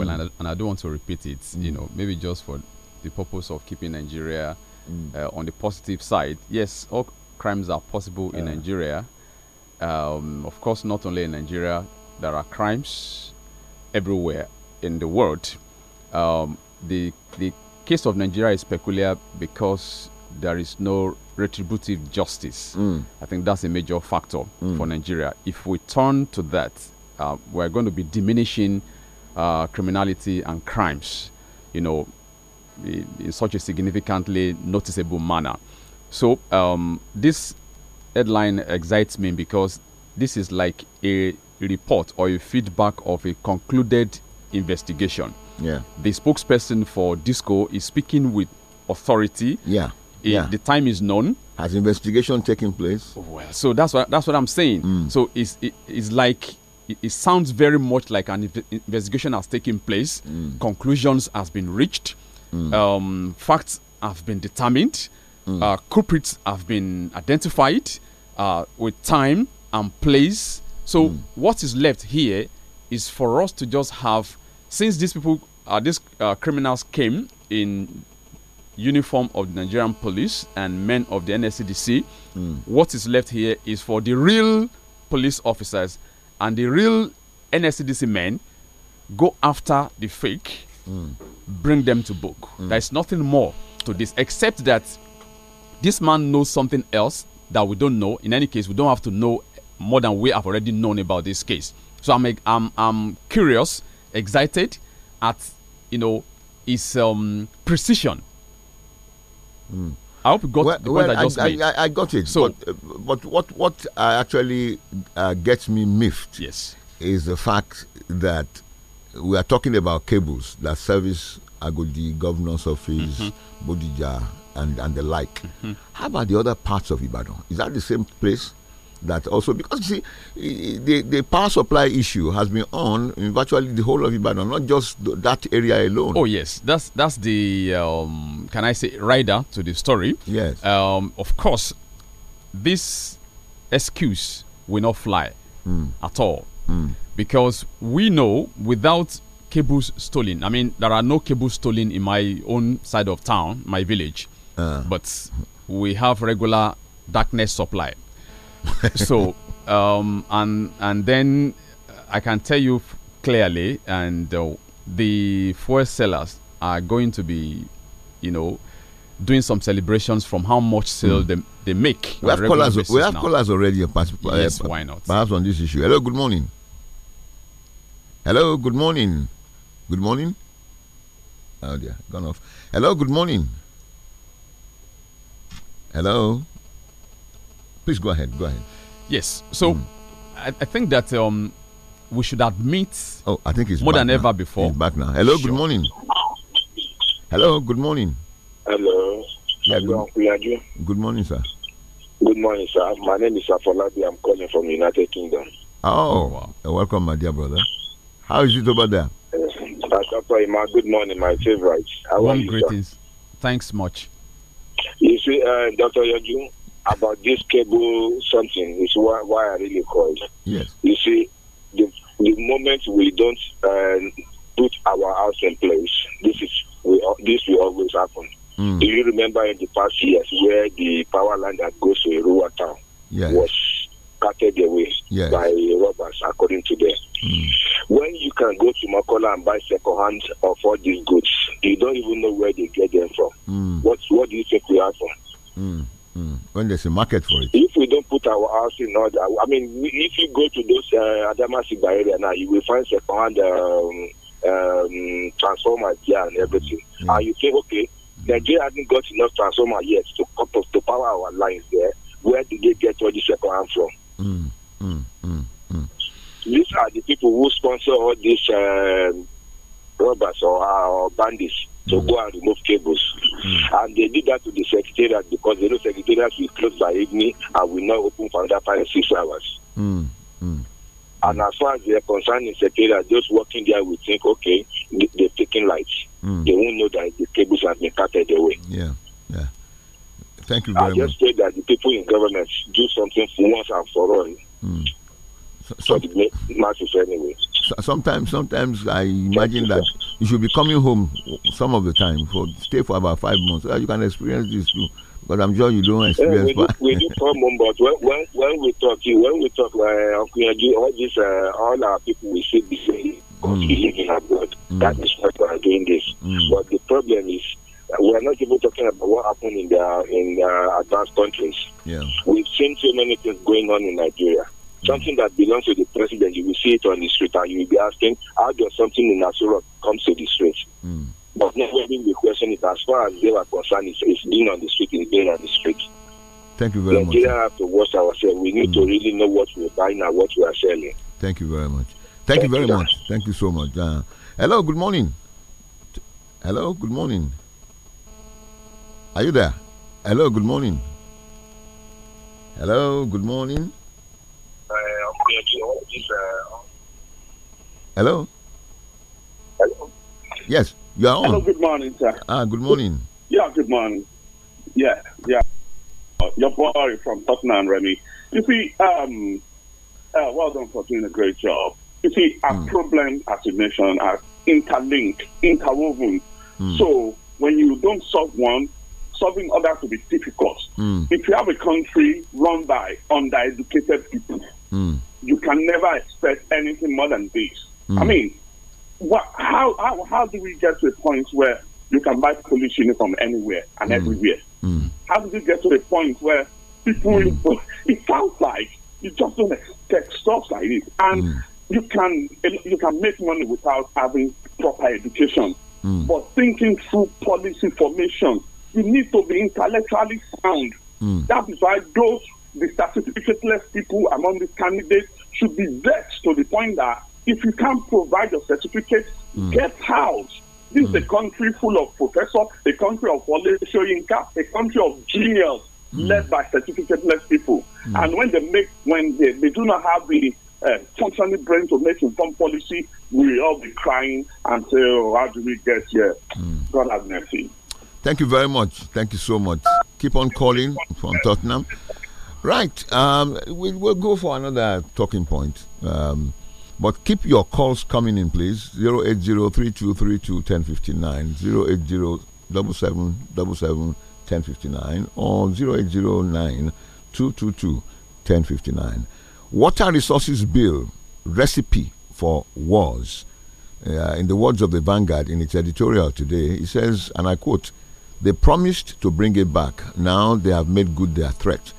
well, mm. and, I, and I don't want to repeat it. Mm. You know, maybe just for the purpose of keeping Nigeria mm. uh, on the positive side. Yes, all crimes are possible in Nigeria. Um, of course, not only in Nigeria, there are crimes everywhere in the world. Um, the the case of Nigeria is peculiar because there is no retributive justice. Mm. I think that's a major factor mm. for Nigeria. If we turn to that, uh, we're going to be diminishing uh, criminality and crimes, you know, in, such a significantly noticeable manner. So um, this headline excites me because this is like a report or a feedback of a concluded investigation. Yeah. The spokesperson for Disco is speaking with authority. Yeah. It, yeah. The time is known. Has investigation taken place? Well, so that's what that's what I'm saying. Mm. So it's it, it's like it, sounds very much like an investigation has taken place, mm. conclusions has been reached, mm. um, facts have been determined, mm. uh, culprits have been identified uh, with time and place. So mm. what is left here is for us to just have, since these people, uh, these uh, criminals came in uniform of the Nigerian police and men of the NSCDC. Mm. What is left here is for the real police officers and the real NSCDC men go after the fake, mm. bring them to book. Mm. There's nothing more to this except that this man knows something else that we don't know. In any case, we don't have to know more than we have already known about this case. So I'm I'm, I'm curious, excited at you know his um, precision. Mm. I hope you got well, the point I just I, made. I, I, got it. So, but, uh, but what what actually uh, gets me miffed yes. is the fact that we are talking about cables that service Agodi, governor's office, mm -hmm. Bodija, and, and the like. Mm -hmm. How about the other parts of Ibadan? Is that the same place? that also because see the the power supply issue has been on in virtually the whole of Ibadan, not just that area alone. Oh yes, that's that's the um, can I say rider to the story. Yes. Um, of course, this excuse will not fly mm. at all mm. because we know without cables stolen. I mean, there are no cables stolen in my own side of town, my village, uh. but we have regular darkness supply. so, um, and and then uh, I can tell you clearly, and uh, the four sellers are going to be, you know, doing some celebrations from how much sale mm. they, they make. We have callers. We have now. callers already. Perhaps, yes, uh, why not? Perhaps on this issue. Hello, good morning. Hello, good morning. Good morning. Oh dear, gone off. Hello, good morning. Hello. Please go ahead. Go ahead. Yes. So mm. I, I, think that um, we should admit. Oh, I think he's more than now. ever before. He's back now. Hello. Sure. Good morning. Hello. Good morning. Hello. Yeah, good, good morning, sir. Good morning, sir. My name is Afolabi. I'm calling from United Kingdom. Oh, wow. welcome, my dear brother. How is it over there? Uh, good morning, my favorite. How Warm greetings. Thanks much. You see, uh, Dr. Yaju, about this cable something is why, why I really called. Yes. You see, the, the moment we don't uh, put our house in place, this is we, this will always happen. Mm. Do you remember in the past years where the power line that goes to Irua town yes. was carted away yes. by robbers, according to them? Mm. When you can go to Makola and buy second hand of all these goods, you don't even know where they get them from. Mm. What What do you think will happen? Hmm. Mm. When there's a market for it. If we don't put our house in order, I mean, if you go to those uh, Adamasiba area now, you will find second um, um, transformers there and everything. Mm. And you say, okay, hmm. Nigeria hasn't got enough transformer yet to, to power our lines there. Where did they get all this second from? Mm. Mm. Mm. These are the people who sponsor all these uh, robbers or, uh, or bandits to mm. go and remove cables. Mm. And they did that to the secretariat because the know secretariat will close by evening and will not open for another five six hours. Mm. And as far as they're concerned in secretariat, those working there will think, okay, they, are taking lights. Hmm. They won't know that the cables have been carted away. Yeah, yeah. Thank you very I much. I just say that the people in government do something once and for all. Hmm anyway. Sometimes, sometimes I imagine that you should be coming home some of the time for stay for about five months so ah, you can experience this too. But I'm sure you don't eh, experience. Yeah, we, do, we do come home, but when, when, when we talk, when we talk, uh, all these uh, all our people we see the mm. in abroad. Mm. That is why we are doing this. Mm. But the problem is uh, we are not even talking about what happened in the in the advanced countries. Yeah. We've seen so many things going on in Nigeria something that belongs to the president. You will see it on the street and you will be asking, how does something in Asura come to the street? Mm. But not having the question is, as far as they are concerned, it's, it's being on the street, it's being on the street. Thank you very We much. Nigeria have to watch ourselves. We need mm. to hmm. really know what we're buying and what we are selling. Thank you very much. Thank, Thank you very you much. Thank you so much. Uh, hello, good morning. Hello, good morning. Are you there? Hello, good morning. Hello, good morning. Hello. Hello. Yes, you are on. Hello, good morning, sir. Ah, good morning. Yeah, good morning. Yeah, yeah. Your boy from Tottenham, Remy. You see, um, uh, well done for doing a great job. You see, our mm. problem as a nation are interlinked, interwoven. Mm. So when you don't solve one, solving others will be difficult. Mm. If you have a country run by undereducated people, mm you can never expect anything more than this. Mm. I hmm. mean, what? How, how how do we get to a point where you can buy police uniform anywhere and mm. everywhere? Mm. How do we get to a point where people? Hmm. It sounds like you just don't expect stuff like this, and hmm. you can you can make money without having proper education. But thinking through policy formation, you need to be intellectually sound. That is why those the certificateless people among the candidates should be vexed to the point that if you can't provide your certificate, mm. get out. This mm. is a mm. country full of professors, a country of Wale Shoyinka, a country of genius mm. led by certificateless people. Mm. And when they make, when they, they do not have the uh, functioning brain to make informed policy, we all be crying and say, oh, how do we get here? Mm. God have mercy. Thank you very much. Thank you so much. Keep on calling from Tottenham. Right. Um, we, will go for another talking point. Um, but keep your calls coming in, please. 80 1059 or 0809-222-1059. Water Resources Bill, Recipe for Wars. Uh, in the words of the Vanguard in its editorial today, it says, and I quote, They promised to bring it back. Now they have made good their threat.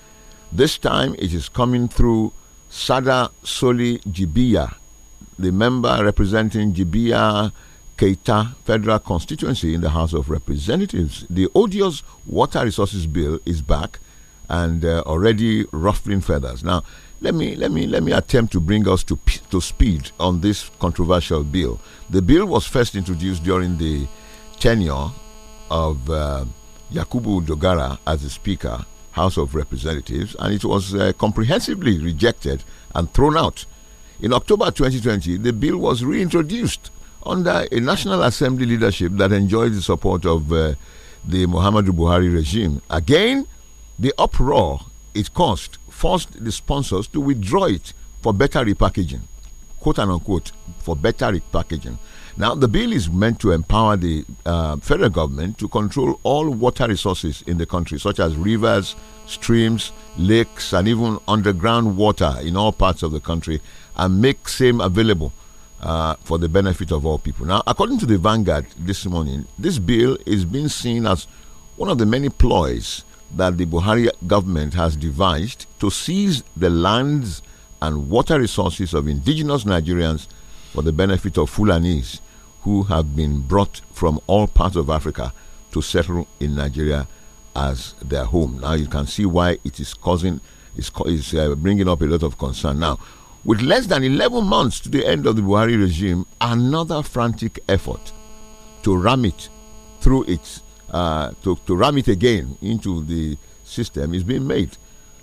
This time it is coming through Sada Soli Jibia, the member representing Jibia Keita Federal Constituency in the House of Representatives. The odious water resources bill is back and uh, already ruffling feathers. Now, let me let me let me attempt to bring us to to speed on this controversial bill. The bill was first introduced during the tenure of uh, Yakubu Dogara as the speaker House of Representatives, and it was uh, comprehensively rejected and thrown out. In October 2020, the bill was reintroduced under a National Assembly leadership that enjoyed the support of uh, the Muhammadu Buhari regime. Again, the uproar it caused forced the sponsors to withdraw it for better repackaging, quote and unquote, for better repackaging. Now, the bill is meant to empower the uh, federal government to control all water resources in the country, such as rivers, streams, lakes, and even underground water in all parts of the country, and make same available uh, for the benefit of all people. Now, according to the Vanguard this morning, this bill is being seen as one of the many ploys that the Buhari government has devised to seize the lands and water resources of indigenous Nigerians for the benefit of Fulanis who have been brought from all parts of Africa to settle in Nigeria as their home. Now you can see why it is causing, is is uh, bringing up a lot of concern. Now, with less than 11 months to the end of the Buhari regime, another frantic effort to ram it through its uh, to, to ram it again into the system is being made.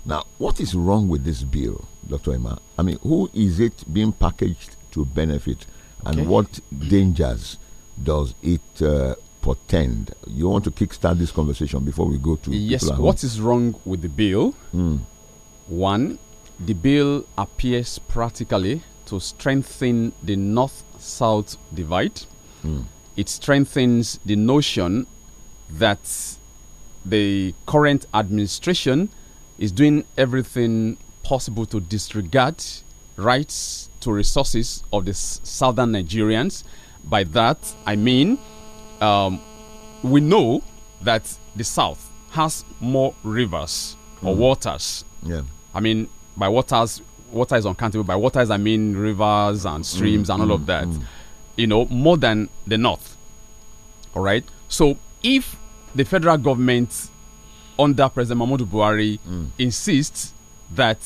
Now, what is wrong with this bill, Dr. Emma? I mean, who is it being packaged to benefit okay. and what dangers does it uh, portend? You want to kickstart this conversation before we go to yes. What is wrong with the bill? Mm. One, the bill appears practically to strengthen the north-south divide. Mm. It strengthens the notion that the current administration is doing everything possible to disregard rights to resources of the southern Nigerians. By that, I mean um, we know that the south has more rivers or mm-hmm. waters. Yeah. I mean, by waters, water is uncountable. By waters, I mean rivers and streams mm. and all mm. of mm-hmm. that. You know, more than the north. All right. So if the federal government under President Mahmoud Buhari mm. insists that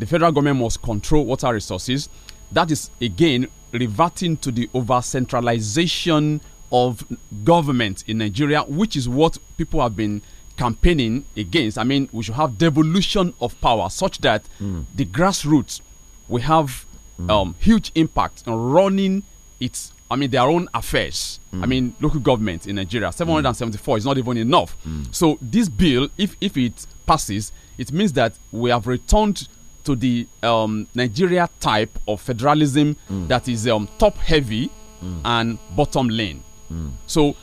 the federal government must control water resources. That is again reverting to the over centralization of government in Nigeria, which is what people have been campaigning against. I mean, we should have devolution of power such that mm. the grassroots will have mm. um, huge impact on running its. I mean, their own affairs. Mm. I hmm. mean, local government in Nigeria, hmm. 774 is not even enough. Hmm. So this bill, if if it passes, it means that we have returned to the um, Nigeria type of federalism mm. that is um, top heavy mm. and bottom lane. Mm. So,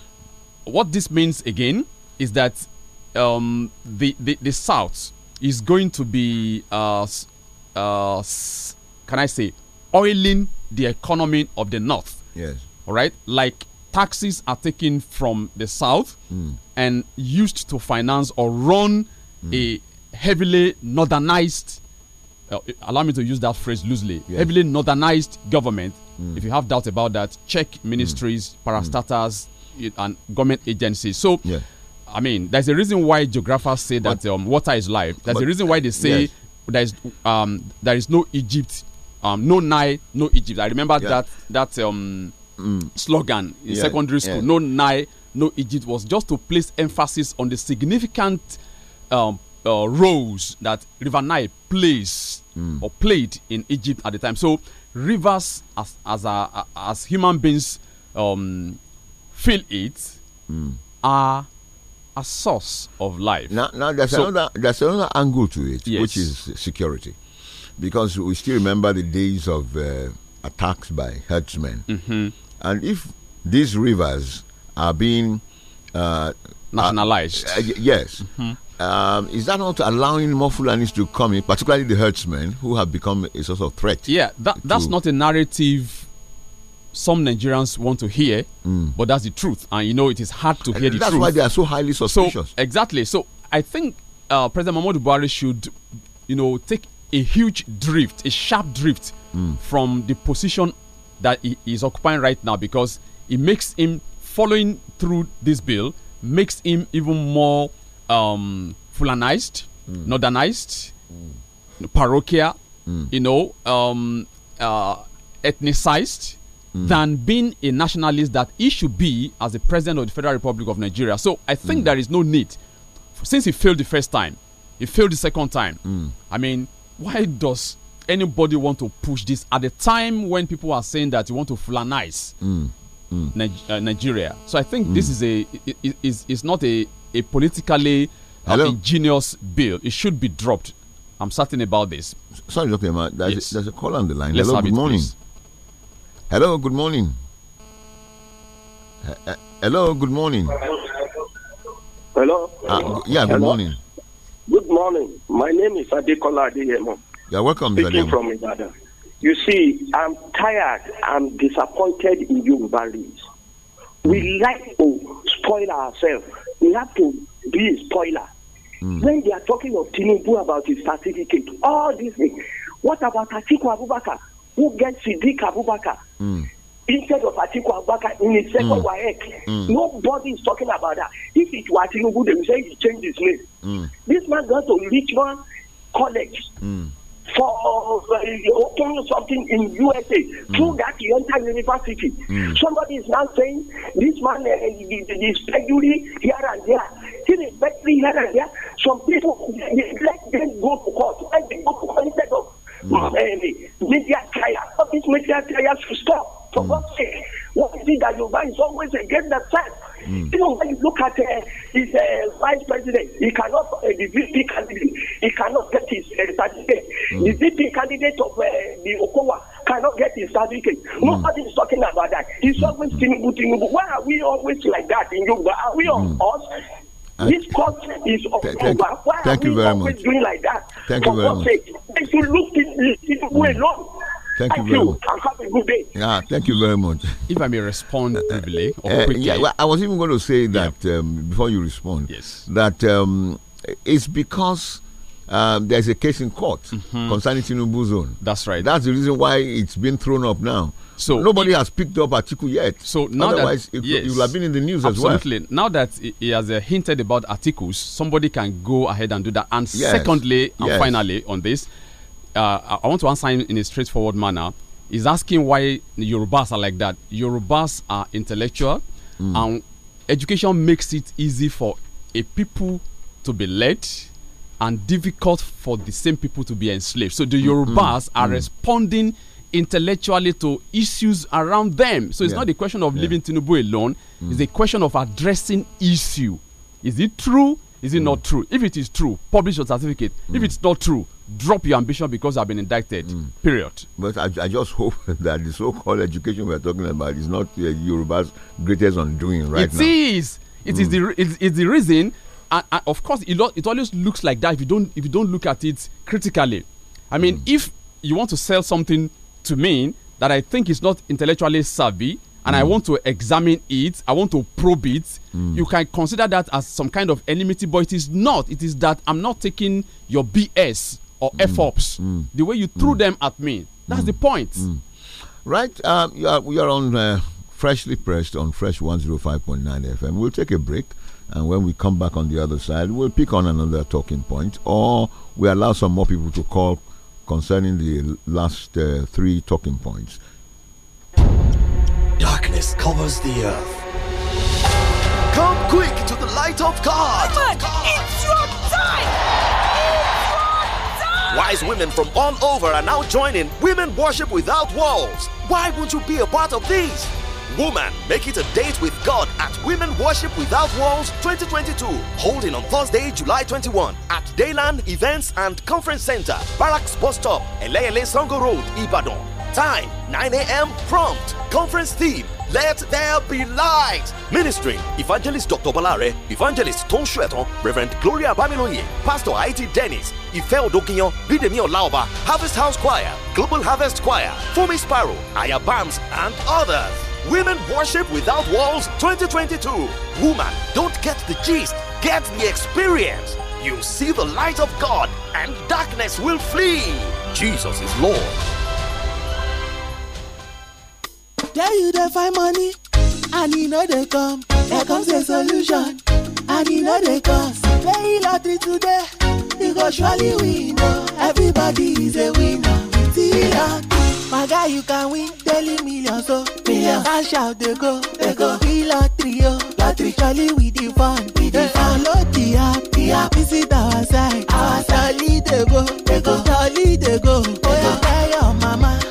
what this means again is that um, the, the, the South is going to be, uh, uh, can I say, oiling the economy of the North. Yes. All right. Like taxes are taken from the South mm. and used to finance or run mm. a heavily northernized uh, allow me to use that phrase loosely, yes. heavily northernized government. Mm. If you have doubts about that, check hmm. ministries, mm. parastatals, mm. and government agencies. So, yeah. I mean, there's a reason why geographers say that um, water is life. There's but, a reason why they say yes. there is um, there is no Egypt, um, no Nile, no Egypt. I remember yeah. that that um, hmm. slogan in yeah. secondary school. No Nile, no Egypt was just to place emphasis on the significant um, uh, roles that River Nile plays mm. or played in Egypt at the time. So rivers, as as a, as human beings um, feel it, mm. are a source of life. Now, now there's so, another there's another angle to it, yes. which is security, because we still remember the days of uh, attacks by herdsmen, mm -hmm. and if these rivers are being uh, uh nationalized, uh, yes. Mm -hmm um, is that not allowing more Fulanis to come in, particularly the herdsmen, who have become a source of threat? Yeah, that, that's not a narrative some Nigerians want to hear, mm. but that's the truth. And you know, it is hard to hear the that's truth. That's why they are so highly suspicious. So, exactly. So I think uh, President Mahmoud Buhari should, you know, take a huge drift, a sharp drift mm. from the position that he is occupying right now because it makes him following through this bill makes him even more um, fulanized, mm. northernized, mm. parochial, mm. you know, um, uh, ethnicized mm. than being a nationalist that he should be as the president of the Federal Republic of Nigeria. So I think mm. there is no need, since he failed the first time, he failed the second time. Mm. I mean, why does anybody want to push this at a time when people are saying that you want to flanize mm, mm. Uh, Nigeria. So I think mm. this is a is is not a a politically uh, ingenious bill. It should be dropped. I'm certain about this. Sorry, Dr. Emma, there's, yes. a, there's a call on the line. Let's Hello, good it, morning. Please. Hello, good morning. Hello, good morning. Hello. yeah, good Hello. morning. Good morning. My name is Adekola Adeyemo. You're welcome, Speaking Adeyemo. from Ibadan. You see, I'm tired. I'm disappointed in you, Leagues. We hmm. like to spoil ourselves we have to be a spoiler. Mm. When they are talking of Tinubu about his certificate, all these things. What about Atiku Abubakar, who gets Siddiq Abubakar? Mm. Instead of Atiku Abubakar in his second mm. WAEC, eh? mm. nobody is talking about that. If it were Tinubu, they would say he changed his name. Hmm. This man got to Richmond College. Hmm for uh, opening something in USA. Mm. Through that, he entered university. Mm. Somebody is now saying this man uh, is pedigree here and there. He is pedigree here and there. Some people let them go to court. Let them go to court instead of oh, mm. uh, media trials. This media trials should stop. For mm. God's sake, what is it that you buy is always against the fact? Mm. know when you look at uh, his uh, vice president, he cannot, uh, the VP candidate, he cannot get his uh, certificate. Mm. The VP candidate of uh, the Okowa cannot get his certificate. Mm. Nobody is talking about that. He's mm. always mm. Tinubu, Tinubu. Why are we always like that in Yoruba? Are we on mm. us? I, this court is over. th- th- Why thank are you we very always much. doing like that? Thank For you very much. Sake, they should look Tinubu mm. alone. Thank, you very much. And have a good day. Yeah, thank you very much. If I may respond uh, uh, briefly uh, quickly. Yeah, well, I was even going to say that yeah. um, before you respond, yes. that um, it's because um, there's a case in court mm -hmm. concerning Tinubu zone. That's right. That's the reason why it's been thrown up now. So nobody it, has picked up Atiku yet. So now otherwise, that, it, yes, you will have been in the news absolutely. as well. Now that he has uh, hinted about articles, somebody can go ahead and do that. And yes, secondly, and yes. finally, on this, uh, I want to answer him in a straightforward manner. He's asking why Yorubas are like that. Yorubas are intellectual, mm. and education makes it easy for a people to be led and difficult for the same people to be enslaved. So the hmm, hmm, Yorubas mm are mm. responding intellectually to issues around them. So it's yeah. not a question of yeah. leaving Tinubu alone. Hmm. It's a question of addressing issue. Is it true is it mm. not true? If it is true, publish your certificate. Mm. If it's not true, drop your ambition because I've been indicted. Mm. Period. But I, I, just hope that the so-called education we're talking about is not uh, Yoruba's greatest undoing right it now. Is. It is. Mm. The, it is the reason. And, and of course, it, it always looks like that if you don't if you don't look at it critically. I mean, mm. if you want to sell something to me that I think is not intellectually savvy, and mm. I want to examine it, I want to probe it, mm. you can consider that as some kind of enmity, but it is not. It is that I'm not taking your BS or mm. F ups mm. the way you threw mm. them at me. That's mm. the point. Right. Um, you are, we are on uh, Freshly Pressed on Fresh 105.9 FM. We'll take a break. And when we come back on the other side, we'll pick on another talking point, or we allow some more people to call concerning the last uh, three talking points darkness covers the earth. Come quick to the light of God! Woman, it's your time! It's your time! Wise women from all over are now joining Women Worship Without Walls. Why won't you be a part of this? Woman, make it a date with God at Women Worship Without Walls 2022, holding on Thursday, July 21 at Dayland Events and Conference Center, Barracks Bus Stop, Elele Sango Road, Ibadan. Time 9 a.m. Prompt. Conference theme let there be light. Ministry Evangelist Dr. Balare, Evangelist Tom Shweton, Reverend Gloria Bamiloye, Pastor Haiti Dennis, Ife Odokinyan, Bidemi Olaoba, Harvest House Choir, Global Harvest Choir, Fumi Sparrow, Aya and others. Women Worship Without Walls 2022. Woman, don't get the gist, get the experience. You see the light of God, and darkness will flee. Jesus is Lord. there you dey find money and e no dey come there comes a solution and e no dey cost play lottery today you go surely win o everybody is a winner with my guy you can win daily millions o oh. millions cash out dey go dey go be lottery o oh. lottery surely we dey fun we dey fun download the app the app visit our site our site surely dey go dey go surely dey go oya tell your mama.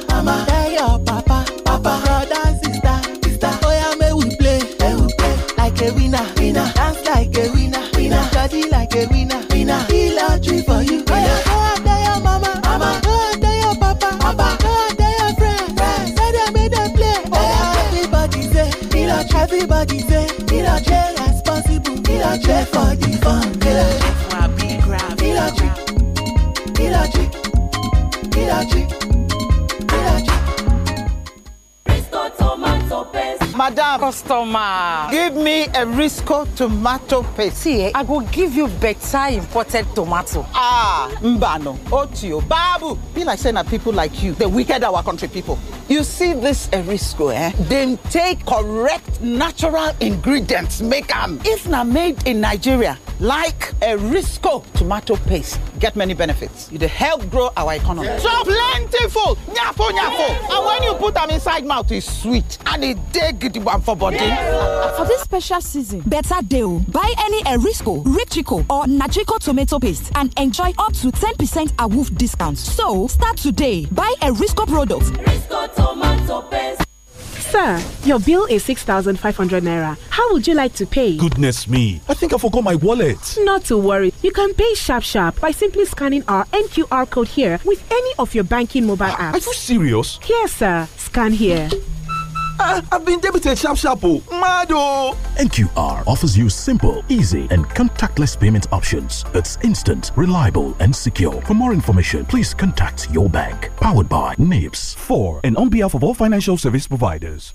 Brother sister, sister. Oh yeah, may we play, we play. Like a winner, winner. Dance like a winner, winner. Body like a winner, winner. Feel a dream for you, Go out there, your mama, mama. Go oh, out there, your papa, papa. Go oh, out there, your friend, friend. Say they made them play. Oh, everybody say, feel a everybody say, feel a cheer responsible, feel a for the fun, feel a Madam. Customer. Give me a Risco tomato paste. See, eh, I will give you better imported tomato. Ah, Mbano, Otio, Babu. Be like saying that people like you, the wicked our country people. You see this Erisco, eh? Then take correct natural ingredients, make them. If not made in Nigeria, like Erisco tomato paste, get many benefits. It help grow our economy. Yeah. So plentiful, nyafo, nyafo. Yeah. And when you put them inside mouth, it's sweet and it dig for body. For this special season, better deal. Buy any Erisco, Richico, or Nachico tomato paste and enjoy up to 10% AWOF discount. So, start today. Buy Erisco products. Erisco tomato paste. Sir, your bill is 6,500 naira. How would you like to pay? Goodness me, I think I forgot my wallet. Not to worry, you can pay Sharp Sharp by simply scanning our NQR code here with any of your banking mobile apps. Are you serious? Here, sir, scan here. Ah, I, have been debited sharp sharp oh. Mado. Oh. NQR offers you simple, easy, and contactless payment options. It's instant, reliable, and secure. For more information, please contact your bank. Powered by NIPS. 4. And on behalf of all financial service providers.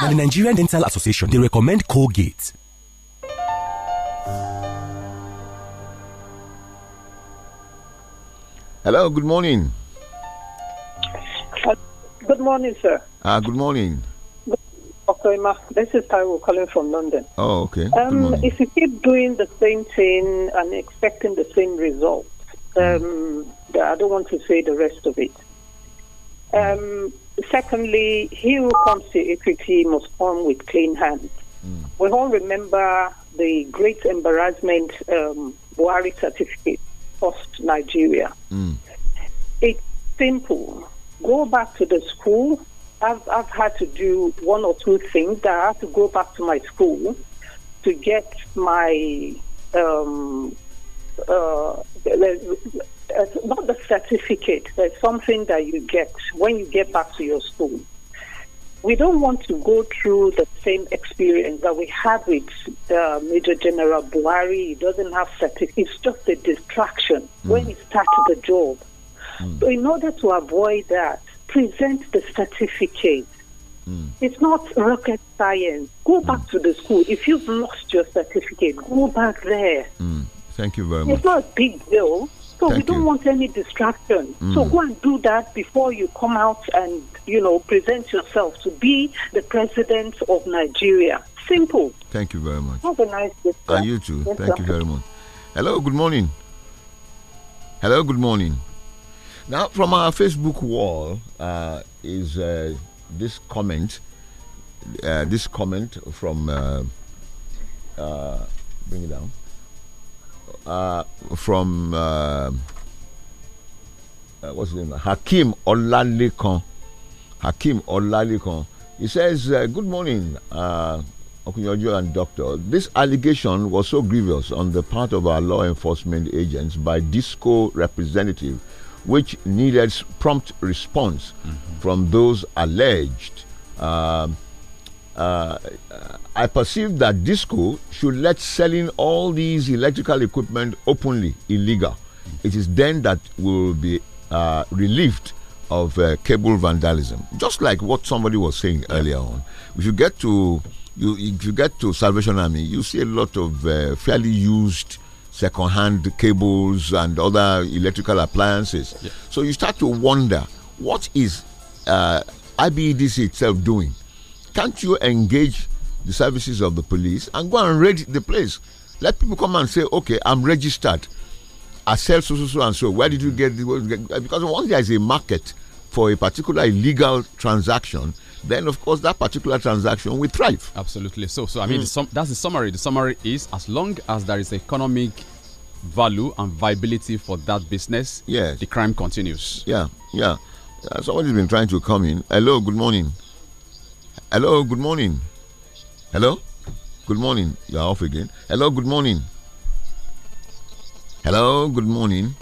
now, the Nigerian Dental Association, they recommend Colgate. Hello, good morning. Uh, good morning, sir. Uh, good morning. Okay, Ima, this is Taiwo calling from London. Oh, okay. Um, if you keep doing the same thing and expecting the same result, mm. um, mm. I don't want to say the rest of it. Um, secondly, he who comes to equity must come with clean hands. Mm. We all remember the great embarrassment um, Buhari certificate cost Nigeria. Mm. It's simple. Go back to the school. I've, I've had to do one or two things. I had to go back to my school to get my um, uh, uh, not the certificate, but something that you get when you get back to your school. We don't want to go through the same experience that we had with uh, Major General Buhari. He doesn't have certificate. It's just a distraction mm. when he starts the job. Mm. So in order to avoid that, present the certificate. Mm. It's not rocket science. Go hmm. back to the school. If you've lost your certificate, go back there. Hmm. Thank you very much. It's not a big deal. So Thank we don't you. want any distraction. Mm. So go and do that before you come out and, you know, present yourself to be the president of Nigeria. Simple. Thank you very much. Have a nice day. And you too. Yes, Thank sir. you very much. Hello, good morning. Hello, good morning. Now, from our Facebook wall uh, is uh, this comment. Uh, this comment from uh, uh, bring it down. Uh, from uh, uh, what's his name? Hakim Olalikon. Hakim Olalikon. He says, uh, "Good morning, uh, Okunyojo and Doctor. This allegation was so grievous on the part of our law enforcement agents by Disco representative, which needed prompt response mm -hmm. from those alleged." Um, uh, uh, I perceive that DISCO should let selling all these electrical equipment openly illegal. It is then that we will be uh, relieved of uh, cable vandalism. Just like what somebody was saying earlier on. If you get to you, if you get to Salvation Army, you see a lot of uh, fairly used second-hand cables and other electrical appliances. Yeah. So you start to wonder what is uh, IBEDC itself doing can't you engage the services of the police and go and raid the place? Let people come and say, okay, I'm registered. I sell so, so, so, and so. Where did you get the. Because once there is a market for a particular illegal transaction, then of course that particular transaction will thrive. Absolutely. So, so I mean, mm. that's the summary. The summary is as long as there is economic value and viability for that business, yes. the crime continues. Yeah, yeah. Uh, somebody's been trying to come in. Hello, good morning. Hello, good morning. Hello, good morning. You are off again. Hello, good morning. Hello, good morning.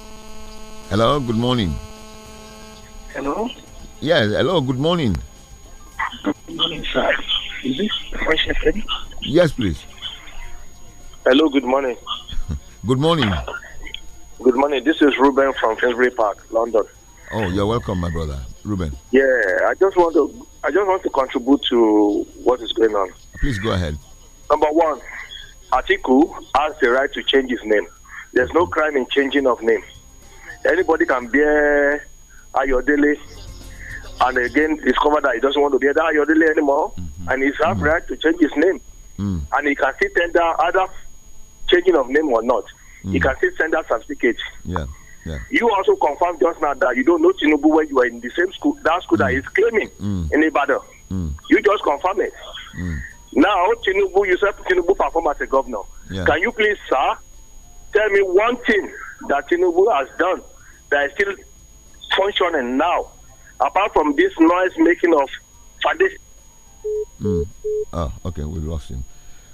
Hello, good morning. Hello. Yes, hello, good morning. Good morning, sir. Is this Fresh FM? Yes, please. Hello, good morning. good morning. Good morning. This is Ruben from Finsbury Park, London. Oh, you're welcome, my brother, Ruben. Yeah, I just want to I just want to contribute to what is going on. Please go ahead. Number one, Atiku has the right to change his name. There's no crime in changing of name. Anybody can bear Ayodele and again discover that he doesn't want to be that Ayodele anymore mm -hmm. and he's have mm -hmm. right to change his name. Mm. And he can still tender either changing of name or not. He mm. can still send that certificate. Yeah. Yeah. You also confirmed just now that you don't know Tinubu when you were in the same school, that school mm. he's claiming mm. in Ibadan. Mm. You just confirm it. Mm. Now, Tinubu, you said Tinubu perform as a governor. Yeah. Can you please, sir, tell me one thing that Tinubu has done that is still functioning now, apart from this noise making of foundation? Mm. Oh, okay, we lost him.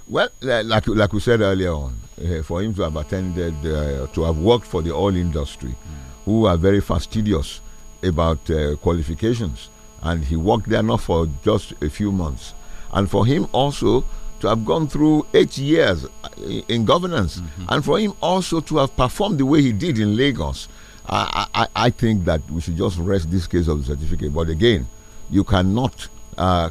Well, like like we said earlier on, uh, for him to have attended, uh, to have worked for the oil industry, mm. who are very fastidious about uh, qualifications. And he worked there not for just a few months. And for him also to have gone through eight years in governance mm -hmm. and for him also to have performed the way he did in Lagos, I, I, I, think that we should just rest this case of the certificate. But again, you cannot uh,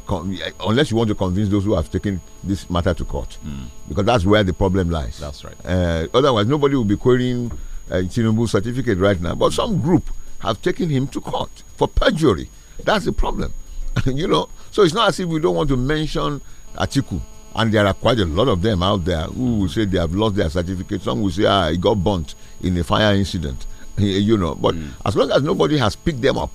unless you want to convince those who have taken this matter to court, mm. because that's where the problem lies. That's right. Uh, otherwise, nobody will be querying uh, Tinubu's certificate right now. But some group have taken him to court for perjury. That's the problem, you know. So it's not as if we don't want to mention Atiku, and there are quite a lot of them out there who will say they have lost their certificate. Some will say, ah, he got burnt in a fire incident, you know. But mm. as long as nobody has picked them up,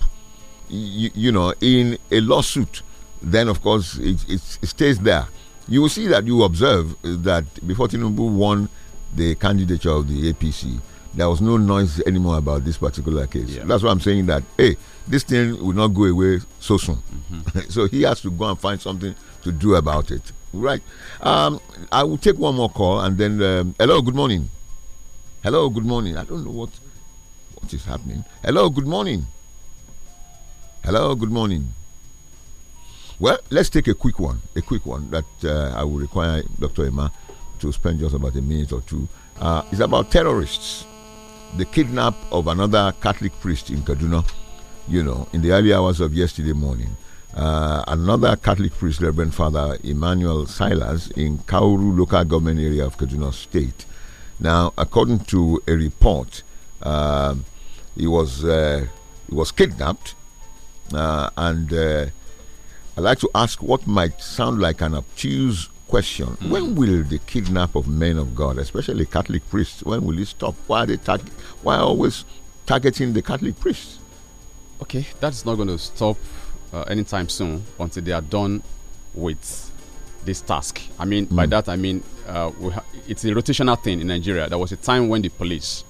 you, you know, in a lawsuit then of course it, it, stays there. You will see that you observe uh, that before Tinubu won the candidature of the APC, there was no noise anymore about this particular case. Yeah. That's why I'm saying that hey, this thing will not go away so soon. Mm -hmm. so he has to go and find something to do about it. Right. Um, I will take one more call and then um, hello, good morning. Hello, good morning. I don't know what what is happening. Hello, good morning. Hello, good morning. Well, let's take a quick one, a quick one that uh, I will require Dr. Emma to spend just about a minute or two. Uh, it's about terrorists. The kidnap of another Catholic priest in Kaduna, you know, in the early hours of yesterday morning. Uh, another Catholic priest, Reverend Father Emmanuel Silas, in Kauru local government area of Kaduna State. Now, according to a report, uh, he was uh, he was kidnapped, uh, and uh, I'd like to ask what might sound like an obtuse question. Mm. When will the kidnap of men of God, especially Catholic priests, when will it stop? Why are they target, why always targeting the Catholic priests? Okay, that's not going to stop uh, anytime soon until they are done with this task. I mean, mm. by hmm. that I mean uh, it's a rotational thing in Nigeria. There was a time when the police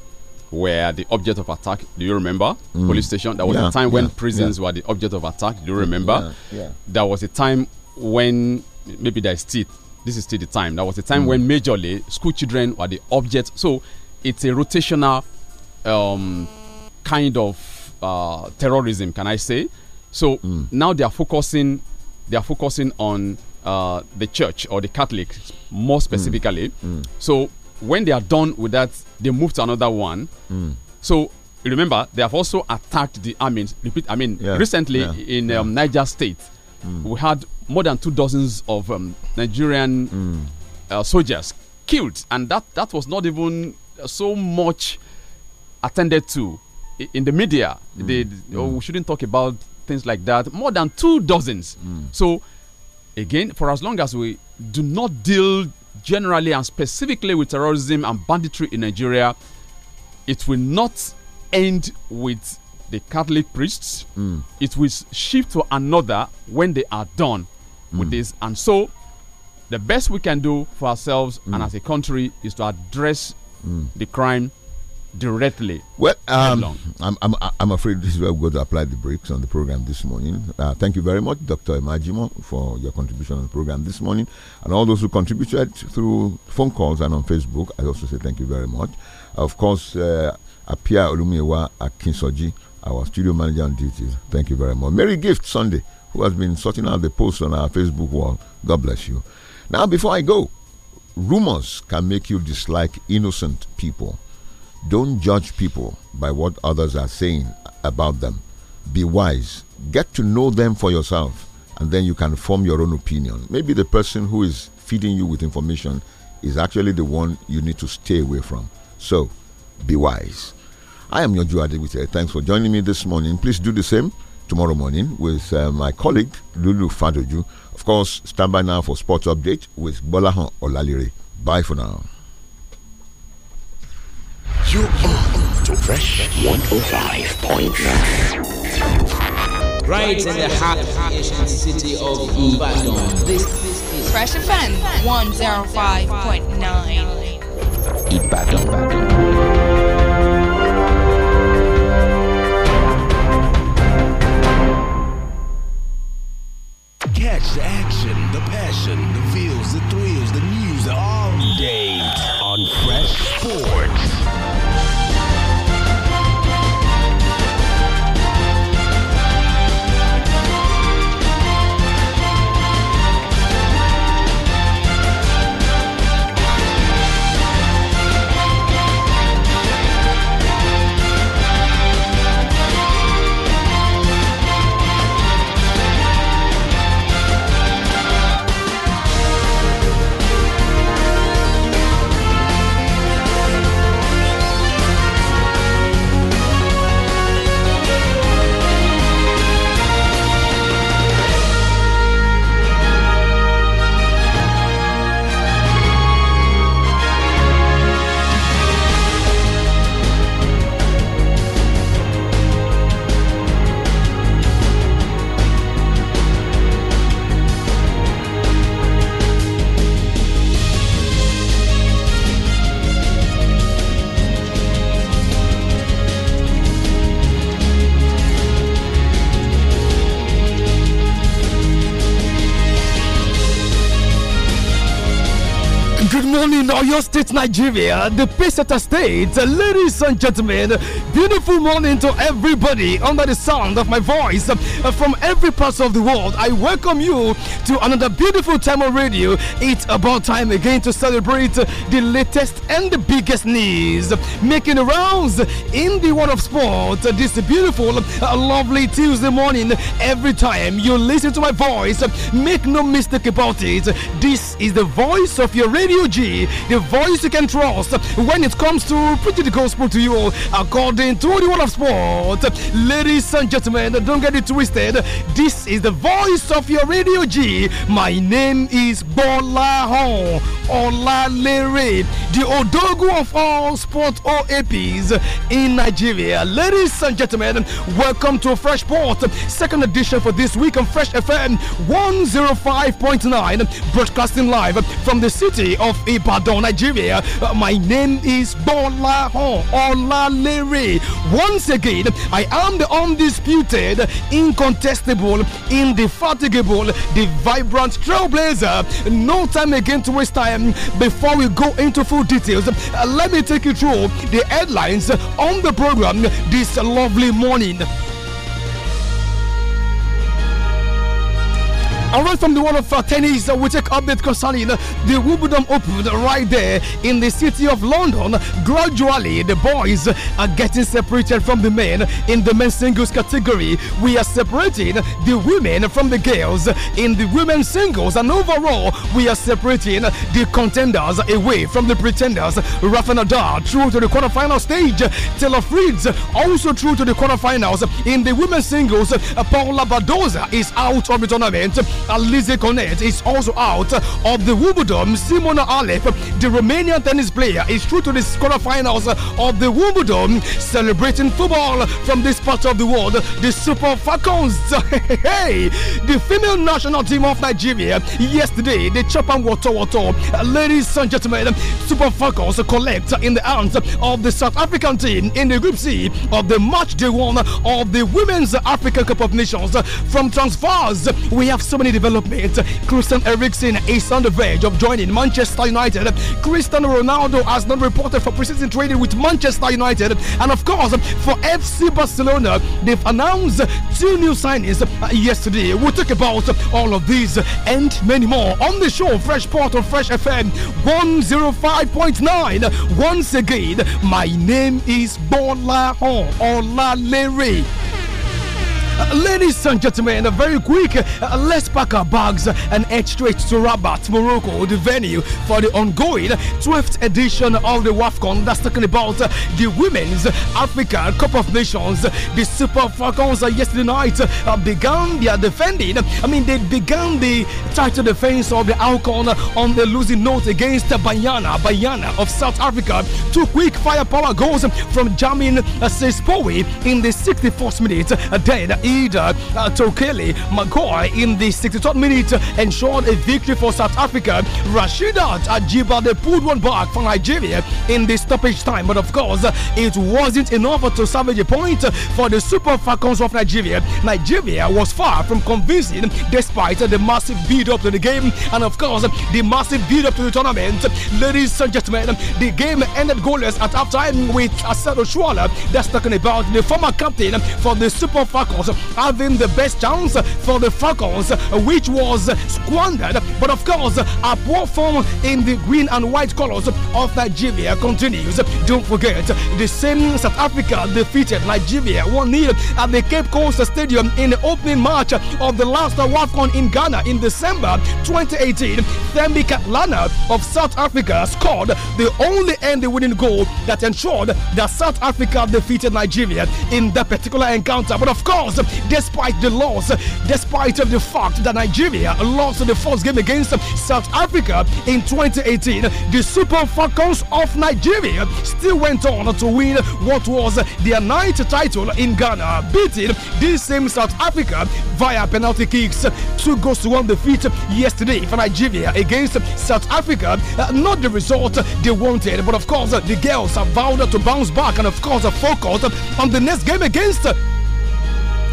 were the object of attack. Do you remember? Mm. Police station. There was yeah, a time yeah, when prisons yeah. were the object of attack. Do you remember? Yeah, There was a time when maybe there is still this is still the time. There was a time mm. when majorly school children were the object. So it's a rotational um, kind of uh, terrorism, can I say? So mm. now they are focusing they are focusing on uh, the church or the Catholics more mm. specifically. Mm. So when they are done with that, they move to another one. Mm. So remember, they have also attacked the I mean, repeat, I mean, yeah. recently yeah. in um, Niger State, mm. we had more than two dozens of um, Nigerian mm. uh, soldiers killed, and that that was not even so much attended to in the media. Hmm. They, oh, we shouldn't talk about things like that. More than two dozens. Hmm. So again, for as long as we do not deal generally and specifically with terrorism and banditry in Nigeria, it will not end with the Catholic priests. Mm. It will shift to another when they are done mm. with hmm. this. And so, the best we can do for ourselves mm. and hmm. as a country is to address hmm. the crime directly. Well, um, I'm, I'm, I'm afraid this is where we're going to apply the brakes on the program this morning. Uh, thank you very much, Dr. Imajimo, for your contribution on the program this morning. And all those who contributed through phone calls and on Facebook, I also say thank you very much. Of course, uh, Apia Olumiewa Akinsoji, our studio manager on duties. thank you very much. Merry Gift Sunday, who has been sorting out the posts on our Facebook wall. God bless you. Now, before I go, rumors can make you dislike innocent people don't judge people by what others are saying about them. Be wise. Get to know them for yourself, and then you can form your own opinion. Maybe the person who is feeding you with information is actually the one you need to stay away from. So, be wise. I am your Adewite. Thanks for joining me this morning. Please do the same tomorrow morning with uh, my colleague Lulu Fadoju. Of course, stand by now for sports update with Bolahan Olalire. Bye for now. You are to Fresh 105.9. Right in the heart of the ancient city of Ibadan. This is Fresh Offense 105.9. Ibadan. Catch the action, the passion, the feels, the thrills, the news all day on Fresh Sports. Dios State, Nigeria, the Peseta State. Ladies and gentlemen, beautiful morning to everybody under the sound of my voice from every part of the world. I welcome you to another beautiful time on radio. It's about time again to celebrate the latest and the biggest news making rounds in the world of sport this beautiful, uh, lovely Tuesday morning. Every time you listen to my voice, make no mistake about it. This is the voice of your Radio G, the voice voice you can trust when it comes to preaching the gospel to you all according to the word of sport. Ladies and gentlemen, don't get it twisted. This is the voice of your radio G. My name is Bola Hon Olalere, the Odogu of all sport OAPs in Nigeria. Ladies and gentlemen, welcome to Fresh Port, second edition for this week on Fresh FM 105.9, broadcasting live from the city of Ibadan, Nigeria. Nigeria. Uh, my name is Bola Hon Olalere. Once again, I am the undisputed, incontestable, indefatigable, the vibrant trailblazer. No time again to waste time. Before we go into full details, uh, let me take you through the headlines on the program this lovely morning. Right from the world of uh, tennis, uh, we take update concerning the Wimbledon Open right there in the city of London. Gradually, the boys are getting separated from the men in the men's singles category. We are separating the women from the girls in the women's singles, and overall, we are separating the contenders away from the pretenders. Rafa Nadal through to the quarterfinal stage. Taylor Fritz also through to the quarterfinals in the women's singles. Uh, Paula Badoza is out of the tournament. Alize Connect is also out of the Wimbledon. Simona Alep, the Romanian tennis player, is through to the quarterfinals of the Wimbledon, celebrating football from this part of the world. The Super Falcons, hey, the female national team of Nigeria, yesterday, the Chopin Water Water, ladies and gentlemen, Super Falcons collect in the hands of the South African team in the Group C of the match day one of the Women's Africa Cup of Nations. From transfers, we have so many money development, Christian Eriksen is on the verge of joining Manchester United. Cristiano Ronaldo has not reported for preseason training with Manchester United. And of course, for FC Barcelona, they've announced two new signings uh, yesterday. We'll talk about all of these and many more on the show, Fresh Port on Fresh FM 105.9. Once again, my name is Bola Hon Larry. Uh, ladies and gentlemen, a very quick, uh, let's pack our bags and head straight to Rabat, Morocco, the venue for the ongoing 12th edition of the WAFCON. That's talking about uh, the Women's Africa Cup of Nations. The Super Falcons yesterday night began their defending. I mean, they began the title defense of the Alcon on the losing note against Bayana, Bayana of South Africa. Two quick firepower goals from Jamin Sespoe in the 64th minute. Then Ida uh, Tokele Magoy in the 63rd minute ensured a victory for South Africa. Rashidat Ajiba uh, they pulled one back for Nigeria in the stoppage time, but of course it wasn't enough to salvage a point for the Super Falcons of Nigeria. Nigeria was far from convincing despite the massive build up to the game and of course the massive build up to the tournament. Ladies and gentlemen, the game ended goalless at halftime with Asad Oshwala that's talking about the former captain for the Super Falcons having the best chance for the Falcons, which was squandered. But of course, a poor form in the green and white colors of Nigeria continues. Don't forget, the same South Africa defeated Nigeria 1 0 at the Cape Coast Stadium in the opening match of the last WAFCON in Ghana in December 2018. Thembi Katlana of South Africa scored the only end winning goal that ensured that South Africa defeated Nigeria in that particular encounter. But of course, despite the loss, despite of the fact that Nigeria lost the first game against South Africa in 2018. The Super Falcons of Nigeria still went on to win what was their ninth title in Ghana, beating this same South Africa via penalty kicks. Two goals to one defeat yesterday for Nigeria against South Africa. Uh, not the result they wanted, but of course, the girls have vowed to bounce back and, of course, focus on the next game against.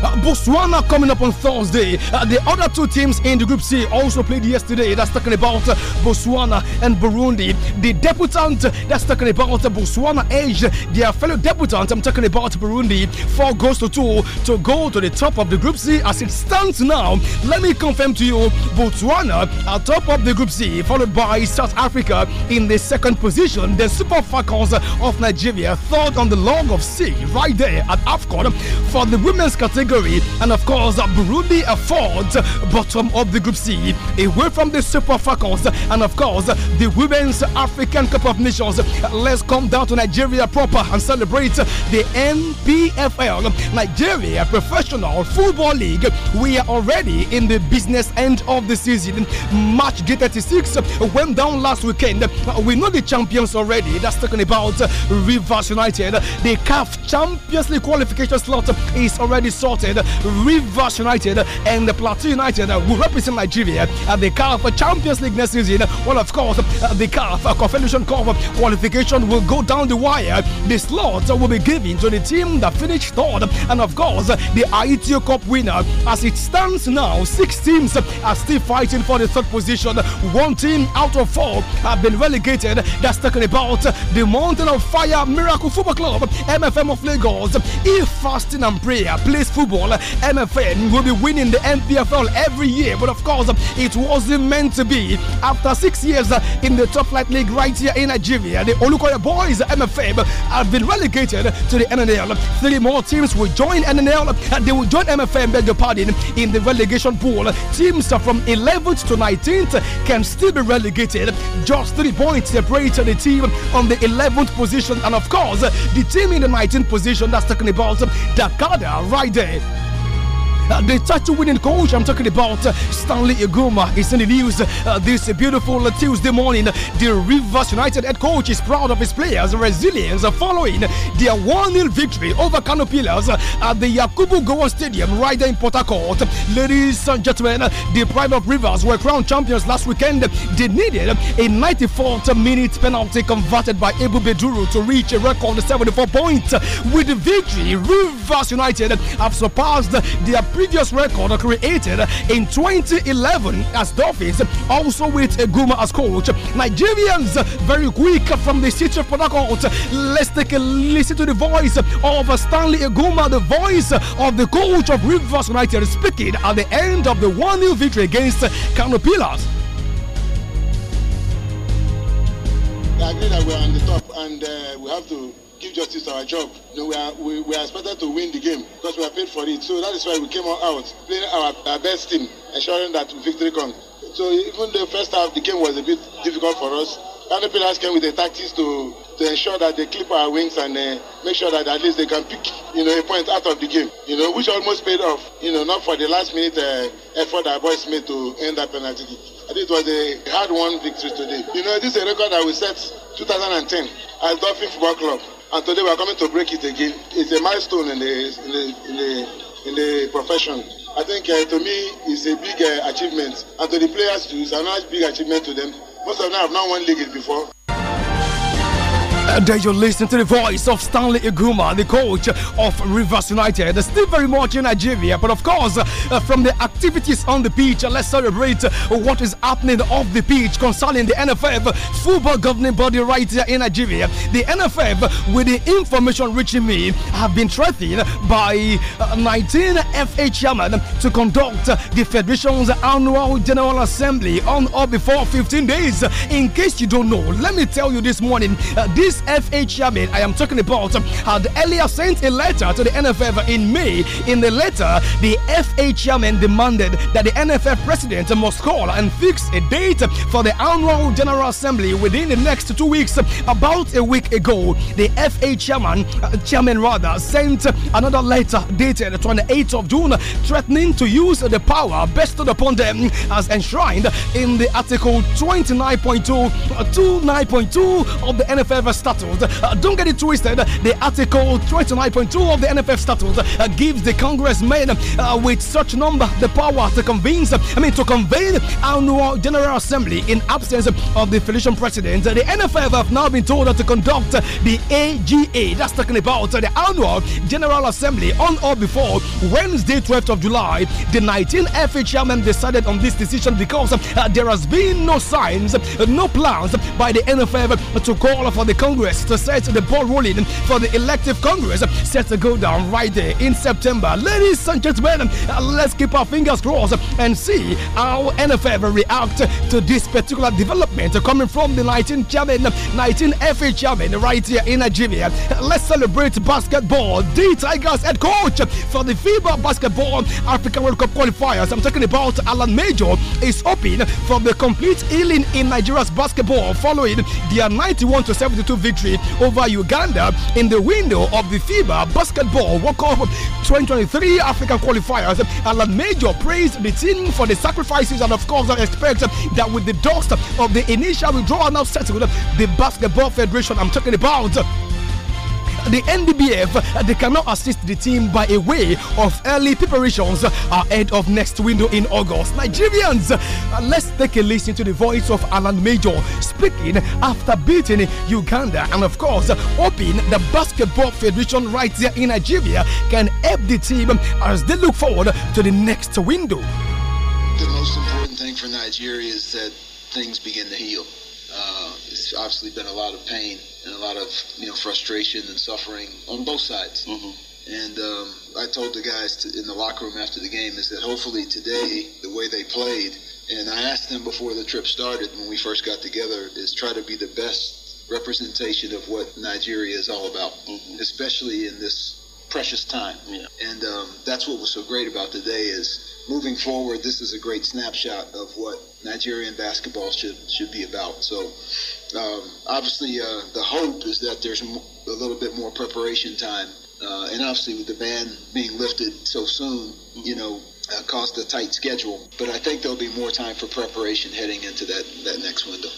Uh, Botswana coming up on Thursday. Uh, the other two teams in the Group C also played yesterday. That's talking about uh, Botswana and Burundi. The debutant that's talking about uh, Botswana edged their fellow debutant. I'm talking about Burundi. Four goals to two to go to the top of the Group C as it stands now. Let me confirm to you, Botswana are top of the Group C, followed by South Africa in the second position. The Super Falcons of Nigeria third on the log of C right there at AFCON for the women's category. And of course, Burundi affords bottom of the Group C, away from the Super Falcons. And of course, the Women's African Cup of Nations. Let's come down to Nigeria proper and celebrate the NPFL, Nigeria Professional Football League. We are already in the business end of the season. March g 36 went down last weekend. We know the champions already. That's talking about Rivers United. The CAF Champions League qualification slot is already sorted. United, Rivers United, and Plateau United will represent Nigeria at uh, the CAF Champions League next season. Well, of course, uh, the CAF Confederation Cup qualification will go down the wire. The slot will be given to the team that finished third, and of course, the Aitio Cup winner. As it stands now, six teams are still fighting for the third position. One team out of four have been relegated. That's talking about the Mountain of Fire Miracle Football Club, MFM of Lagos. If fasting and prayer plays full Football. MFN will be winning the MPFL every year, but of course, it wasn't meant to be. After six years in the top flight league right here in Nigeria, the Olukoya boys MFM have been relegated to the NNL. Three more teams will join NNL and they will join MFM, beg your pardon, in the relegation pool. Teams from 11th to 19th can still be relegated. Just three points separate the team on the 11th position, and of course, the team in the 19th position that's talking about Dakada right there it uh, the title winning coach I'm talking about, uh, Stanley Iguma, is in the news uh, this beautiful Tuesday morning. The Rivers United head coach is proud of his players' resilience following their 1 0 victory over Kano Pillars at the Yakubu Gowon Stadium right there in Port Harcourt. Ladies and gentlemen, the Pride of Rivers were crowned champions last weekend. They needed a 94 minute penalty converted by Ebu Beduru to reach a record 74 points. With the victory, Rivers United have surpassed their previous record created in 2011 as Dolphins, also with Guma as coach. Nigerians very quick from the city of Port Let's take a listen to the voice of Stanley Eguma, the voice of the coach of Rivers United, speaking at the end of the 1 0 victory against Kano Pillars. I agree that we are on the top and uh, we have to justice our job. You know, we are we, we are expected to win the game because we are paid for it. So that is why we came out playing our, our best team, ensuring that victory comes. So even the first half, the game was a bit difficult for us. Kano players came with the tactics to to ensure that they clip our wings and uh, make sure that at least they can pick you know a point out of the game. You know, which almost paid off. You know, not for the last minute uh, effort that our boys made to end that penalty kick. I think it was a hard-won victory today. You know, this is a record that we set 2010 as Dolphin Football Club and today we are coming to break it again. It's a milestone in the in the in the, in the profession. I think uh, to me it's a big uh, achievement, and to the players too, it's a nice big achievement to them. Most of them have not won league before. Uh, there you listen to the voice of Stanley Iguma, the coach of Rivers United. Still very much in Nigeria, but of course, uh, from the activities on the pitch, uh, let's celebrate uh, what is happening off the pitch concerning the NFF football governing body right here in Nigeria. The NFF, with the information reaching me, have been threatened by uh, 19 FA to conduct the federation's annual general assembly on or before 15 days. In case you don't know, let me tell you this morning, uh, this this FA chairman I am talking about um, had earlier sent a letter to the NFF in May. In the letter, the FH chairman demanded that the NFF president must call and fix a date for the annual General Assembly within the next two weeks. About a week ago, the FH chairman, uh, chairman rather, sent another letter dated 28th of June, threatening to use the power bestowed upon them as enshrined in the Article 29.2 uh, 29.2 of the NFF statute. Uh, don't get it twisted. The Article 29.2 of the NFF statute uh, gives the congressmen uh, with such number the power to convince, I mean, to convene annual General Assembly in absence of the Felician president. The NFF have now been told to conduct the AGA, that's talking about the annual General Assembly on or before Wednesday, 12th of July. The 19 FA chairman decided on this decision because uh, there has been no signs, uh, no plans by the NFF to call for the Congress Congress to set the ball rolling for the elective Congress set to go down right there in September. Ladies and gentlemen, let's keep our fingers crossed and see how NFF react to this particular development coming from the 19 chairman, 19 FA chairman right here in Nigeria. Let's celebrate basketball. The Tigers head coach for the FIBA Basketball African World Cup qualifiers. I'm talking about Alan Major is hoping for the complete healing in Nigeria's basketball following their 91 72 victory over Uganda in the window of the FIBA Basketball World Cup 2023 African qualifiers. Alan Major praised the team for the sacrifices and, of course, I expect that with the dust of the initial withdrawal now settled, the Basketball Federation, I'm talking about the NDBF, uh, they cannot assist the team by a way of early preparations uh, ahead of next window in August. Nigerians, uh, let's take a listen to the voice of Alan Major speaking after beating Uganda and, of course, hoping the Basketball Federation right here in Nigeria can help the team as they look forward to the next window. The most important thing for Nigeria is that things begin to heal it's obviously been a lot of pain and a lot of you know frustration and suffering on both sides. Mm-hmm. And um, I told the guys to, in the locker room after the game is that hopefully today the way they played, and I asked them before the trip started when we first got together, is try to be the best representation of what Nigeria is all about, mm-hmm. especially in this precious time. Yeah. And um, that's what was so great about today is moving forward, this is a great snapshot of what Nigerian basketball should should be about. So um, obviously uh, the hope is that there's a little bit more preparation time, uh, and obviously with the ban being lifted so soon, you know, uh, caused a tight schedule. But I think there'll be more time for preparation heading into that that next window.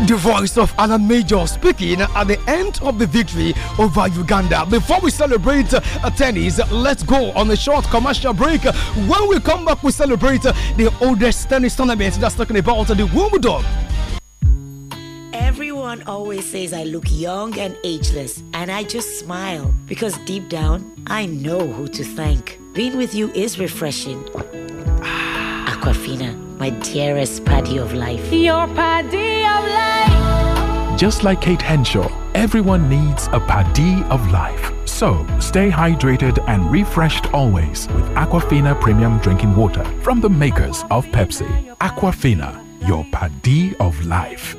The voice of Alan Major speaking at the end of the victory over Uganda. Before we celebrate uh, tennis, let's go on a short commercial break. When we come back, we celebrate uh, the oldest tennis tournament that's talking about the Wimbledon. Everyone always says I look young and ageless, and I just smile because deep down, I know who to thank. Being with you is refreshing. Aquafina my dearest paddy of life. Your paddy of life. Just like Kate Henshaw, everyone needs a paddy of life. So stay hydrated and refreshed always with Aquafina Premium Drinking Water from the makers of Pepsi. Aquafina, your paddy of life.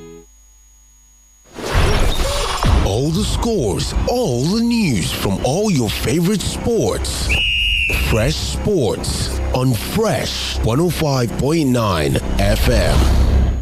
All the scores, all the news from all your favorite sports. Fresh Sports on Fresh 105.9 FM.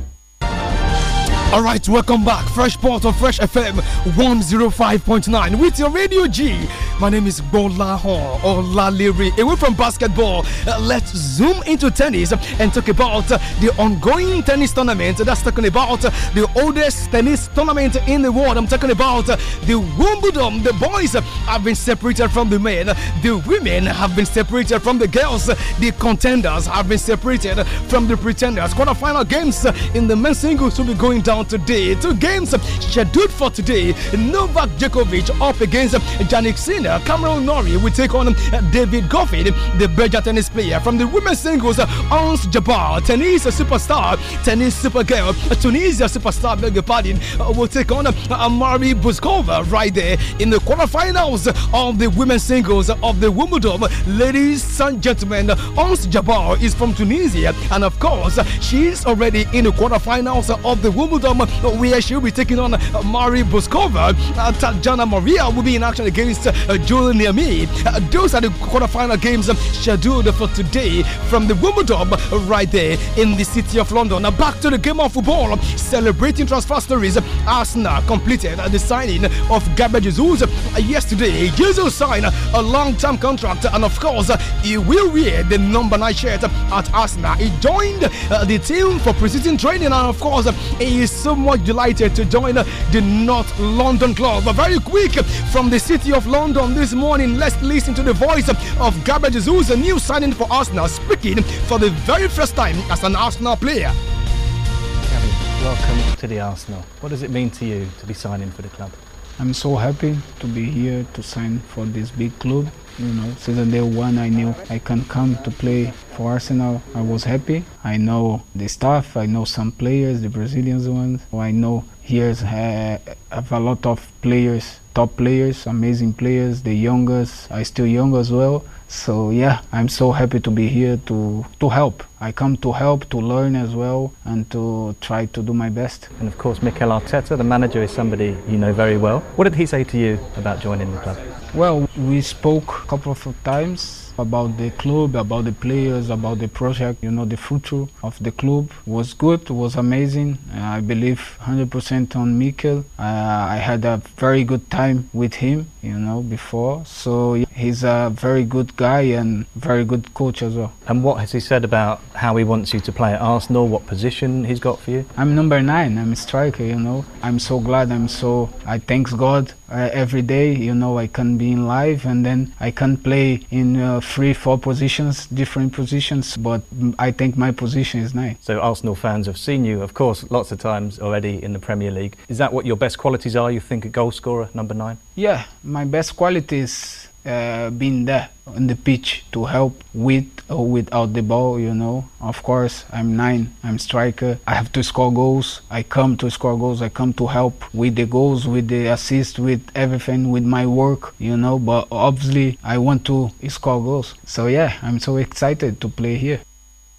All right, welcome back. Fresh Port on Fresh FM 105.9 with your Radio G. My name is Bolahon Olaliri. Away from basketball, uh, let's zoom into tennis and talk about uh, the ongoing tennis tournament. That's talking about uh, the oldest tennis tournament in the world. I'm talking about the Wimbledon. The boys have been separated from the men. The women have been separated from the girls. The contenders have been separated from the pretenders. Quarterfinal games in the men's singles will be going down today. Two games scheduled for today. Novak Djokovic up against Janik Sin Cameron Norrie will take on uh, David Goffin, the Belgian tennis player from the women's singles. Ons uh, Jabal, tennis superstar, tennis supergirl, uh, Tunisia superstar, beg your pardon, will take on Amari Buskova right there in the quarterfinals of the women's singles of the Wimbledon. Ladies and gentlemen, Ons Jabal is from Tunisia, and of course, she's already in the quarterfinals of the Wimbledon where she'll be taking on Mari Buskova. Tatjana Maria will be in action against Julie near me. those are the quarterfinal games um, scheduled for today from the Wimbledon uh, right there in the city of London. Now back to the game of football, um, celebrating transfer stories. Arsenal completed the signing of Gabriel Jesus uh, yesterday. Jesus signed a long-term contract, and of course, uh, he will wear the number nine shirt at Arsenal. He joined the team for preseason training, and of course, he is so much delighted to join the North London club. Very quick from the city of London from this morning. Let's listen to the voice of Gabriel Jesus, a new signing for Arsenal, speaking for the very first time as an Arsenal player. Gabby, welcome to the Arsenal. What does it mean to you to be signing for the club? I'm so happy to be here to sign for this big club. You know, season day one, I knew I can come to play for Arsenal. I was happy. I know the staff. I know some players, the Brazilians ones. I know here uh, have a lot of players top players, amazing players, the youngest. I still young as well. So yeah, I'm so happy to be here to to help. I come to help, to learn as well, and to try to do my best. And of course, Mikel Arteta, the manager, is somebody you know very well. What did he say to you about joining the club? Well, we spoke a couple of times about the club, about the players, about the project. You know, the future of the club was good, was amazing. Uh, I believe 100% on Mikel. Uh, I had a very good time with him you know, before. So he's a very good guy and very good coach as well. And what has he said about how he wants you to play at Arsenal? What position he's got for you? I'm number nine. I'm a striker. You know, I'm so glad. I'm so I thanks God uh, every day. You know, I can be in live and then I can play in uh, three, four positions, different positions. But I think my position is nine. So Arsenal fans have seen you, of course, lots of times already in the Premier League. Is that what your best qualities are? You think a goalscorer, number nine? Yeah, my best qualities uh, being there on the pitch to help with or without the ball, you know. Of course, I'm nine, I'm striker. I have to score goals. I come to score goals. I come to help with the goals, with the assist, with everything, with my work, you know. But obviously, I want to score goals. So, yeah, I'm so excited to play here.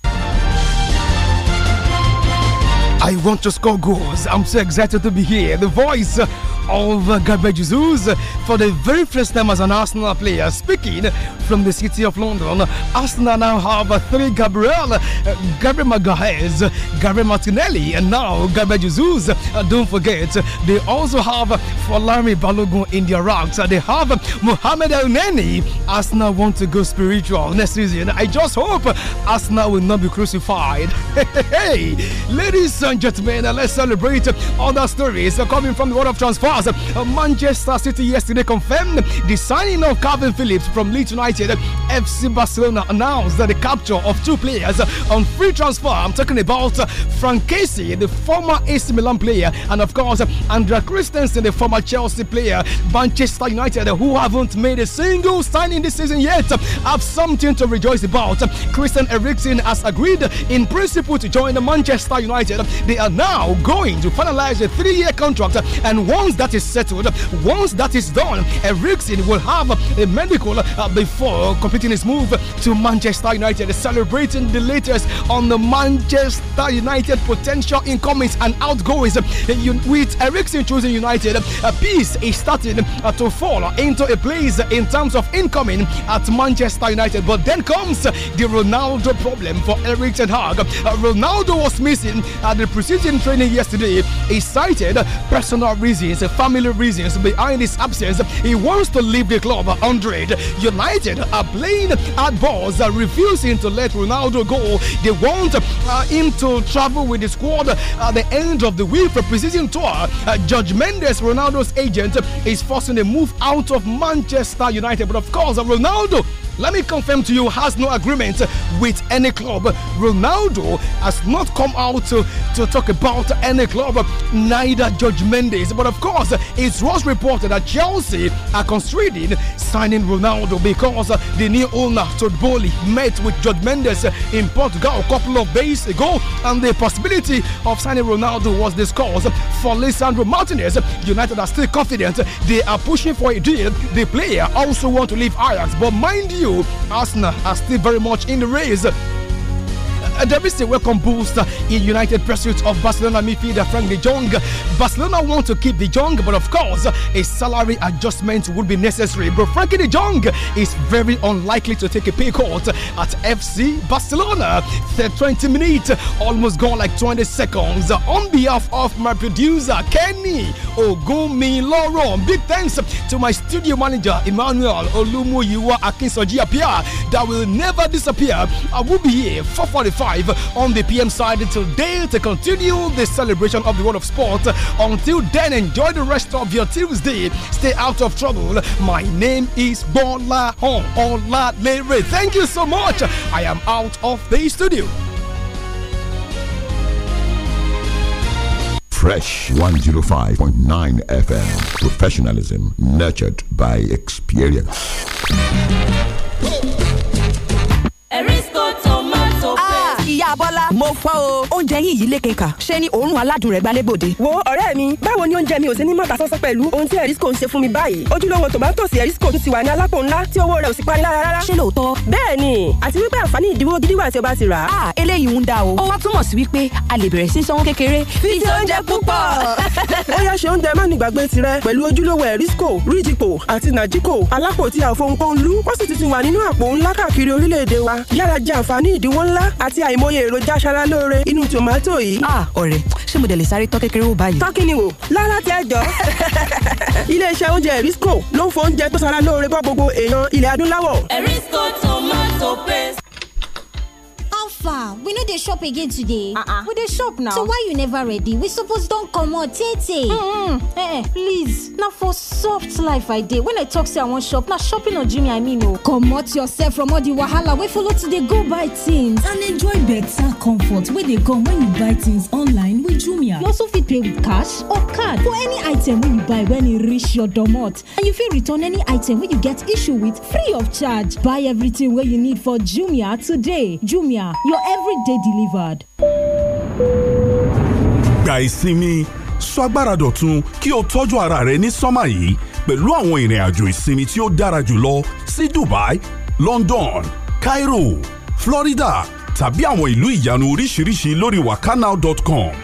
I want to score goals. I'm so excited to be here. The voice of Gabriel Jesus for the very first time as an Arsenal player. Speaking from the city of London, Arsenal now have three Gabriel, uh, Gabriel Magalhaes, Gabriel Martinelli, and now Gabriel Jesus. Uh, don't forget, they also have Falami Balogun in their ranks. Uh, they have Mohamed El Neni. Arsenal want to go spiritual next season. I just hope Arsenal will not be crucified. hey, ladies and gentlemen, let's celebrate other stories coming from the world of transfer stars. Manchester City yesterday confirmed the signing of Calvin Phillips from Leeds United. FC Barcelona announced the capture of two players on free transfer. I'm talking about Frank Casey, the former AC Milan player, and of course Andrea Christensen, the former Chelsea player. Manchester United, who haven't made a single signing this season yet, have something to rejoice about. Christian Eriksen has agreed in principle to join Manchester United. They are now going to finalize a three-year contract, and once that that is settled. Once that is done, Eriksson will have a medical uh, before completing his move to Manchester United, celebrating the latest on the Manchester United potential incomings and outgoings. With Eriksson choosing United, a piece is starting uh, to fall into a place in terms of incoming at Manchester United. But then comes the Ronaldo problem for Eriksson. Hag. Uh, Ronaldo was missing at the preseason training yesterday. He cited personal reasons family reasons behind his absence. He wants to leave the club 100. United are playing at balls, are refusing to let Ronaldo go. They want uh, him to travel with the squad at the end of the week for preseason tour. Uh, Judge Mendes, Ronaldo's agent, is forcing a move out of Manchester United. But of course, Ronaldo let me confirm to you, has no agreement with any club. Ronaldo has not come out to, to talk about any club, neither Judge Mendes. But of course, because it was reported that Chelsea are considering signing Ronaldo because the new owner Todboli met with George Mendes in Portugal a couple of days ago, and the possibility of signing Ronaldo was discussed for Lisandro Martinez. United are still confident they are pushing for a deal. The player also want to leave Ajax, but mind you, Arsenal are still very much in the race there is a welcome boost in United pursuit of Barcelona midfielder Frank de Jong. Barcelona want to keep de Jong, but of course, a salary adjustment would be necessary. But Frankie de Jong is very unlikely to take a pay cut at FC Barcelona. The 20 minutes almost gone like 20 seconds. On behalf of my producer Kenny Ogumi Loron, big thanks to my studio manager Emmanuel Olumuyiwa Akinsoji Apia that will never disappear. I will be here for forty-five. 5 on the PM side today to continue the celebration of the world of sport. Until then, enjoy the rest of your Tuesday. Stay out of trouble. My name is Bola Hong Ola Lere. Thank you so much. I am out of the studio. Fresh 105.9 FM. Professionalism nurtured by experience. Abọ́lá mo fọ́ o. oúnjẹ yín yìí lékè kà ṣé ni òórùn aládùn rẹ̀ gbalẹ́gbòde. wo ọ̀rẹ́ mi báwo ni oúnjẹ mi ò sí ní mọ̀ta sọ́sọ́ pẹ̀lú ohun tí erisco ń ṣe fún mi báyìí ojúlówó tòmátòsì erisco ti wà ní alápò ńlá tí owó rẹ̀ ò sì pani lára rárá. ṣé lóòótọ́. bẹ́ẹ̀ ni àti wípé àǹfààní ìdíwó gidi wà tí o bá ti rà á. Ah, eléyìí ń da o. ó wá túmọ̀ sí wípé a lè bẹ̀rẹ̀ sí sanwó kékeré. fi ti oúnjẹ púpọ̀. ó yá ṣe oúnjẹ má nígbàgbé tirẹ̀ pẹ̀lú ojúlówó erisco ríjìpò àti nàjíkò alápò tí àfohùnkóhùn lú ó sì ti ti wà nínú àpò tòmátò yìí. a ah, ọ̀rẹ́ ṣé mo dẹ̀ lè sáré tọ́ kékeré wò báyìí. tọ́kì ni wò lọ́lá tí ẹ jọ. iléeṣẹ́ oúnjẹ Erisco ló ń fọ oúnjẹ tó sara lóore bọ́ gbogbo èèyàn ilẹ̀ adúláwọ̀. Erisco tomato paste how far we know they shop again today uh-uh. we they shop now so why you never ready we suppose come comot Tete. Mm eh eh please Now for soft life i dey when i talk say i want shop Now shopping on ojimi i mean o oh. comot yourself from all di wahala wey follow today. go buy things and enjoy better comfort wey dey come when you buy things online with jumia you also fit pay with cash or card for any item when you buy when you e reach your domot and you feel return any item when you get issue with free of charge buy everything wey you need for jumia today jumia your everyday delivered. gba ìsinmi sọ agbára dọ̀tun kí o tọ́jú ara rẹ ní sọ́mà yìí pẹ̀lú àwọn ìrìn àjò ìsinmi tí ó dára jùlọ sí Dubai, London, Cairo, Florida tàbí àwọn ìlú ìyanu oríṣiríṣi lórí wakanow.com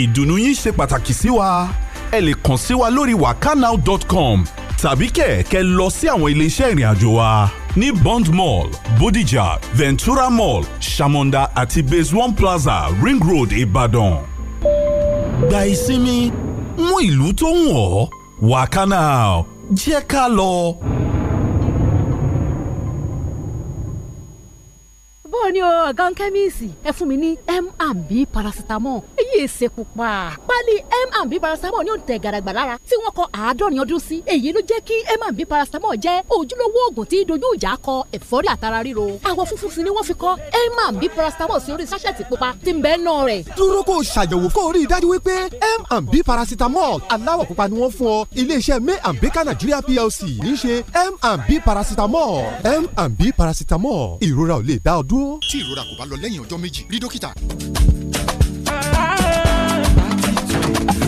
ìdùnnú yín ṣe pàtàkì sí wa ẹ lè kàn sí wa lórí wakanow.com tàbí kẹ̀kẹ́ lọ sí àwọn iléeṣẹ́ ìrìn àjò wa ní Bond Mall Bodija Ventura Mall Shamonda àti Base One Plaza Ring Road Ibadan. Gba ìsinmi mú ìlú tó ń wọ̀ wá kánáà jẹ́ ká lọ. báwo ni o ọ̀gá kẹ́míìsì ẹ fún mi ní m&b paracetamol èyí èsè pupa. pálí m&b paracetamol ní òǹtẹ̀ gàràgbà lára tí wọ́n kọ àádọ́rin ọdún sí èyí ló jẹ́ kí m&b paracetamol jẹ́ ojúlówó oògùn tí dojú ìjà kọ ẹ̀fọ́rí àtara ríro. àwọ̀ funfun sì ni wọ́n fi kọ m&b paracetamol sí orí sáṣẹ̀tì pupa tí ń bẹ́ẹ̀ náà rẹ̀. dúró kó o ṣàyẹ̀wò kó o rí i dájú wípé m&b paracetamol aláwọ̀ pupa ni wọ́n fún ọ iléeṣẹ́ may and baker nigeria plc ní í ṣe m&b paracetamol B paracetamol ìrora ò lè dá ọ dúró o. tí ìrora kò bá lọ lẹ́yìn ọjọ́ méjì rí dókítà.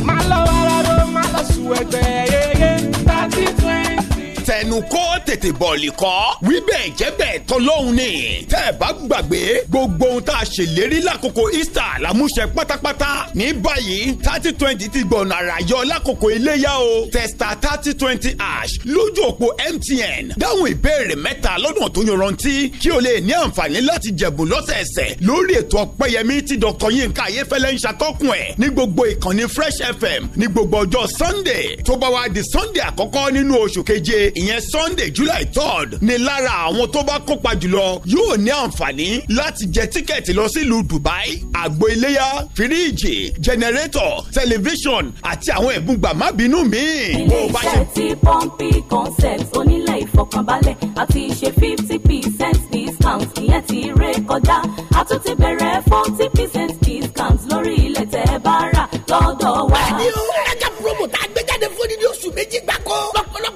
máa lọ wàrà ló máa lọ sùn ẹgbẹ́ yeye thirty twenty tẹnu kó tètè bọ̀ lè kọ́. wí bẹ́ẹ̀ jẹ́ bẹ́ẹ̀ tán lọ́hùn ni. tẹ́ ẹ bá gbàgbé gbogbo ohun tá a ṣèlérí lákòókò Easter làmúṣẹ pátápátá. ní báyìí thirty twenty ti gbọ̀nà àràyọ lákòókò iléyà o. testa thirty twenty ash lójú òpó MTN dáhùn ìbéèrè mẹ́ta lọ́dún tó yanrantí kí o lè ní àǹfààní láti jẹ̀bùn lọ́sẹ̀ẹsẹ̀ lórí ètò ọ̀pẹ́yẹmí tí Dr. Yinka Ayéfẹ́lẹ́ ń ṣàtọ́kùn ẹ̀ ní gbogbo ìkànnì Fresh FM ní gbogbo ọjọ́ Sunday tó bá wá di Sunday àkọ́kọ́ nínú oṣù keje ìyẹn sunday july third ni lára àwọn tó bá kópa jùlọ yóò ní àǹfààní láti jẹ tíkẹ́ẹ̀tì lọ sílùú dubai àgbo iléyà fíríìjì jẹnẹrétọ̀ tẹlifíṣọ̀n àti àwọn ẹ̀bùn gbàmábínú míì. ilé iṣẹ́ ti pọ́ǹpì concept onílẹ̀ ìfọkànbalẹ̀ àti ṣe fifty percent discount ìyẹn ti ré kọjá a tún ti bẹ̀rẹ̀ forty percent discount lórí ilẹ̀ tẹ́ bá rà lọ́dọ̀ wa. ẹni o ẹja promo tá a gbé jáde fún ní oṣù méjì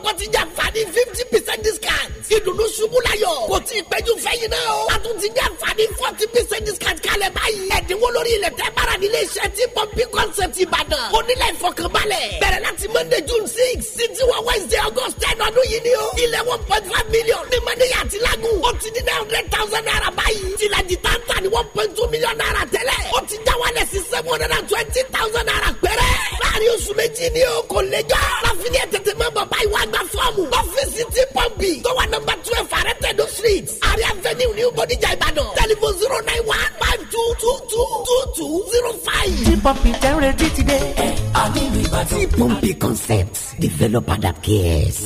kọ́ ti jàǹfààní fifty percent discount ìdùnnú ṣubú layọ̀ kò tí ì pẹ́jú fẹ́ yìí náà o. a tún ti ní àǹfààní forty percent discount kalẹ̀ báyìí. ẹ̀dínwó lórí ilẹ̀ tẹ́ bára nílé iṣẹ́ tí pọ́ńpì concept ìbàdàn. onílẹ̀ ìfọkànbalẹ̀ bẹ̀rẹ̀ láti monday june six sí tiwọn wednesday august ten ọdún yìí ni o. ilẹ̀ one point five million ní mọ́níyà àti lágùn. ó ti di nine hundred thousand naira báyìí. tìlàjì táǹtà ni one point two million naira tẹ́lẹ̀. ó ti já wálẹ̀ sí seven hundred and twenty thousand naira pẹ́rẹ́. láàrin oṣù méjì ni o kò lè jọ. láfi ní ẹ̀ tètè mọ́ bàbá ìwà àgbà fọ́ọ̀mù. ọ́fíìsì tí pọ́ǹpì tó wà nọ number twelve arẹ́tẹ̀dó street àrí venue new bodijà ìbàdàn telephone zero nine one five two two two two two zero five. tí pọ́ǹpì tẹ́ ń retí ti dé. ẹ ànílù ìbàdàn. tí pọ́ǹpì concepts developer that cares.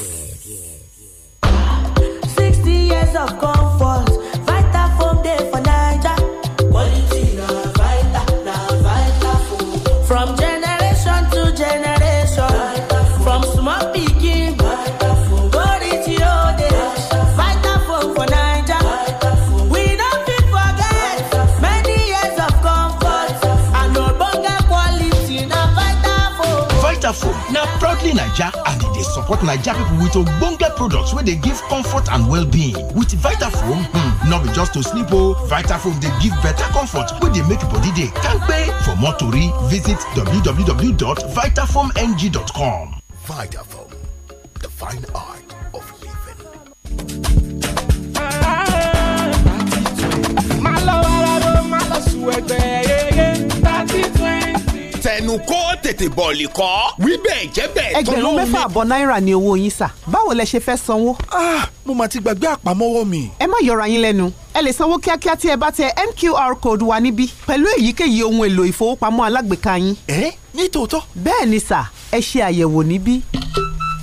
sixty years of comfort. vitafoam na proudly naija and they support naija people with ogbonge products where they give comfort and well-being with vitafoam hmm, no be just to sleep oh. vitafoam they give better comfort where they make body day. Thank kampe for more tori visit www.vitafoamng.com vitafoam the fine art of living. máa lọ wàrà ló máa lọ ẹnu kó tètè bọ̀ọ̀lì kọ́ wí bẹ́ẹ̀ jẹ́ bẹ́ẹ̀ tán lóhùn ni. ẹgbẹ̀rún mẹ́fà àbọ̀ náírà ni owó yín sà báwo lẹ ṣe fẹ́ sanwó. ah mo mà ti gbàgbé àpamọ́wọ́ mi. ẹ má yọra yín lẹ́nu ẹ lè sanwó kíákíá tí ẹ bá tẹ mqr code wa níbí pẹ̀lú èyíkéyìí ohun èlò ìfowópamọ́ alágbèéká yín. ẹ ní tòótọ́. bẹ́ẹ̀ ni sà ẹ ṣe àyẹ̀wò níbí.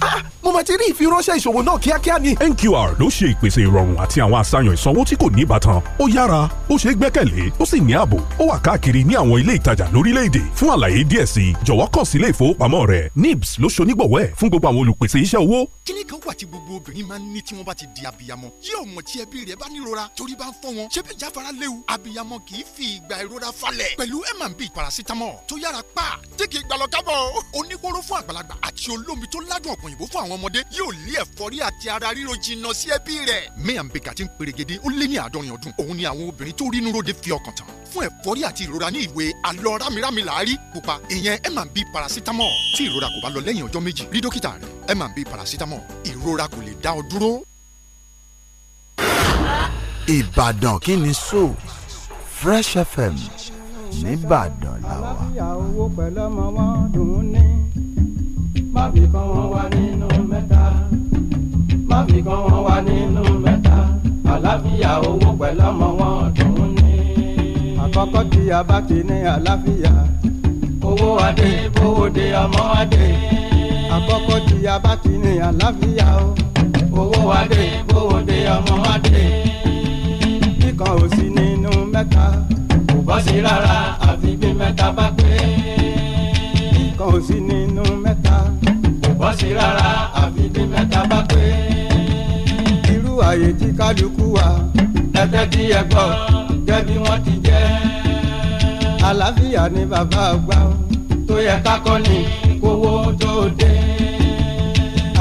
Ah, mo máa ti rí ìfiránṣẹ́ ìṣòwò náà kíákíá ni. NQR ló ṣe ìpèsè ìrọ̀rùn àti àwọn àṣàyàn ìsanwó tí kò ní ìbátan ó yára ó ṣe é gbẹ́kẹ̀lé ó sì ní ààbò ó wà káàkiri ní àwọn ilé ìtajà lórílẹ̀‐èdè fún àlàyé díẹ̀ sí jọ̀wọ́ kàn sí ilé ìfowópamọ́ rẹ̀ NIBS ló ṣonígbọ̀wọ́ ẹ̀ fún gbogbo àwọn olùpèsè iṣẹ́ owó. kíní kan wà tí gbogbo obìnrin máa ń ní tí wọ́n bá ti di abiyamọ yóò mọ̀ tí ẹbí rẹ̀ bá nírora torí bá ń fọ́ wọn ṣebí jáfara léwu abiyamọ kì í fi ìgbà ìrora falẹ̀ pẹ̀lú M&B paracetamol tó yára pa tí kì í gbalọ̀ kábọ̀ oníkóró fún àgbàlagbà àti olómi tó ládùn ọ̀pọ̀ àwọn ọmọdé yóò lé ẹ̀fọ́rí àti ara ríro jìnnà sí ẹbí rẹ̀. mayan baker ti ń perégedé ó lé ní àádọ́rin ọdún òun ni àwọn obìnrin tó rínú ròde fi ọkàn tán fún ẹ̀fọ́rí àti ìrora ní ìwé alọ rámirámi làárí pupa ìyẹn M&B paracetamol tí ìrora kò bá lọ lẹ́yìn ọjọ́ méjì rí dókítà rẹ̀ M&B paracetamol ìrora kò lè dá ọ dúró. Ìbàdàn kí ni so Fresh FM nìbàdàn làwà má fi kan wọn wà nínú mẹ́ta má fi kan wọn wà nínú mẹ́ta àlàáfíà owó pẹ̀lú ọmọ wọn ọ̀dùn ní. àkọ́kọ́ tí a bá ti ní àlàáfíà. owó adé owó dé ọmọ adé. àkọ́kọ́ tí a bá ti ní àlàáfíà o. owó adé owó dé ọmọ adé. kíkan ò sí nínú mẹ́ta. kò bọ́ sí rárá àfi bí mẹ́ta bá pé. kíkan ò sí nínú mẹ́ta bọ́ sí rárá àfi bí mẹ́ta bá pé. irú àyè tí kálukú wà ẹ̀tẹ́ tí ẹ gbọ́ jẹ́ bí wọ́n ti jẹ́. àlàáfíà ni bàbá àgbà tó yẹ kákọ́ ni kówó tó dé.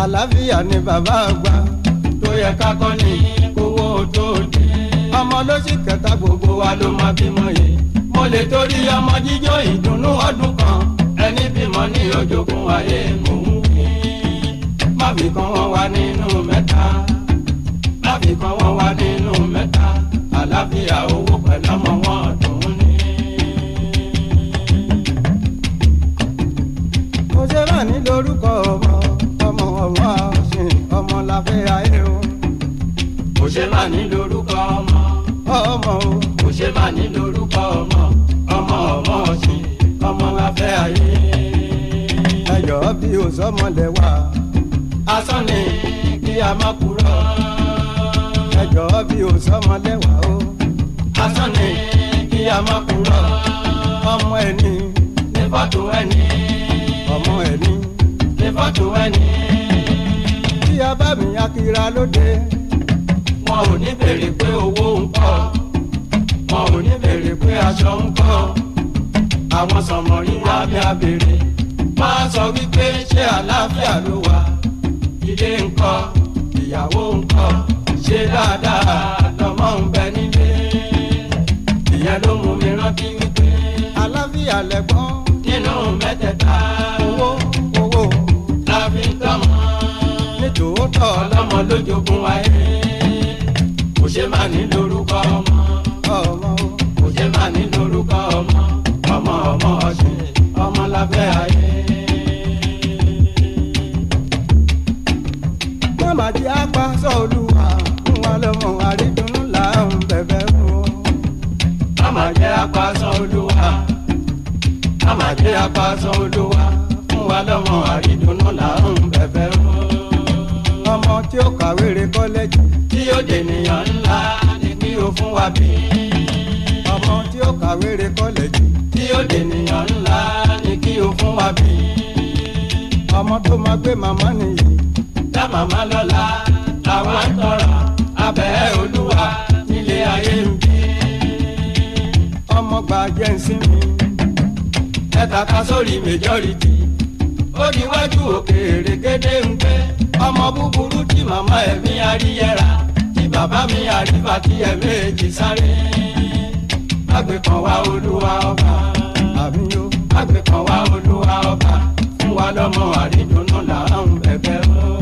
àlàáfíà ni bàbá àgbà tó yẹ kákọ́ ni kówó tó dé. ọmọ lóṣù kẹta gbogbo wa ló máa bímọ yìí mo lè torí ọmọ jíjó ìdùnnú ọdún kan ẹni bímọ ní ojogun ayé mò ń láfikún wọn wà nínú mẹ́ta láfikún wọn wà nínú mẹ́ta àlàáfíà owó pẹ̀lú ọmọ wọn dùn ní. mo ṣe bá ní lórúkọ ọmọ ọmọ ọwọ́ ọ̀sìn ọmọ láfẹ́ ayé o. mo ṣe bá ní lórúkọ ọmọ ọmọ o. mo ṣe bá ní lórúkọ ọmọ ọmọ ọmọ ọ̀sìn ọmọ láfẹ́ ayé. ẹyọ bí o sọmọlẹ wá asán ni kí a má kúrò. ẹ jọ̀ọ́ bí o sọmọ lẹ́wà o. asán ni kí a má kúrò. ọmọ ẹni ní fọ́tò ẹni. ọmọ ẹni ní fọ́tò ẹni. bí a bá mi akira lóde. wọn ò ní béèrè pé owó ń pọ̀. wọn ò ní béèrè pé aṣọ ń pọ̀. àwọn sọmọ yín wá bí a béèrè. máa sọ wípé ṣé àlàáfíà ló wà ilé ńkọ́ ìyàwó ńkọ́ ṣe dáadáa lọ́mọ ń bẹ nílé ìyẹn ló mú mi rántí wípé aláfíà lẹ́gbọ́n nínú mẹ́tẹ̀ẹ̀ta owó owó la fi ń tọ́mọ nítòótọ́ ọlọ́mọ lójoogun wáyé kò ṣe má ní lórúkọ ọmọ ọmọ kò ṣe má ní lórúkọ ọmọ ọmọ ọmọ ọ̀sìn ọmọ lábẹ́ ayé. ẹ̀wọ̀n àrídùnnú là ń bẹ̀bẹ̀ fún. a máa jẹ́ apasán olúwa a máa jẹ́ apasán olúwa fún wa lọ́mọ àrídùnnú là ń bẹ̀bẹ̀ fún. ọmọ tí ó kàwé re kọ́lẹ́jì. tí ó dènìyàn ńlá ni kí o fún wa bí. ọmọ tí ó kàwé re kọ́lẹ́jì. tí ó dènìyàn ńlá ni kí o fún wa bí. ọmọ tó máa gbé màmá nìyí. dá màmá lọ́la làwọn tọrọ abẹ́ olúwa nílé ayé ń bí. ọmọ gba jẹ́ ìsinmi ẹ̀ta ká sórí majority ó níwájú òkèèrè gédé ń gbé ọmọ búburú tí màmá ẹ̀mí àríyẹ́ra tí bàbá mi àríwá tí ẹ̀ méjì sáré. agbèkàn wa olúwa ọba àmì yó agbèkàn olúwa ọba fún wa lọ́mọ àrídùnnú là ń bẹ̀bẹ̀ mọ́.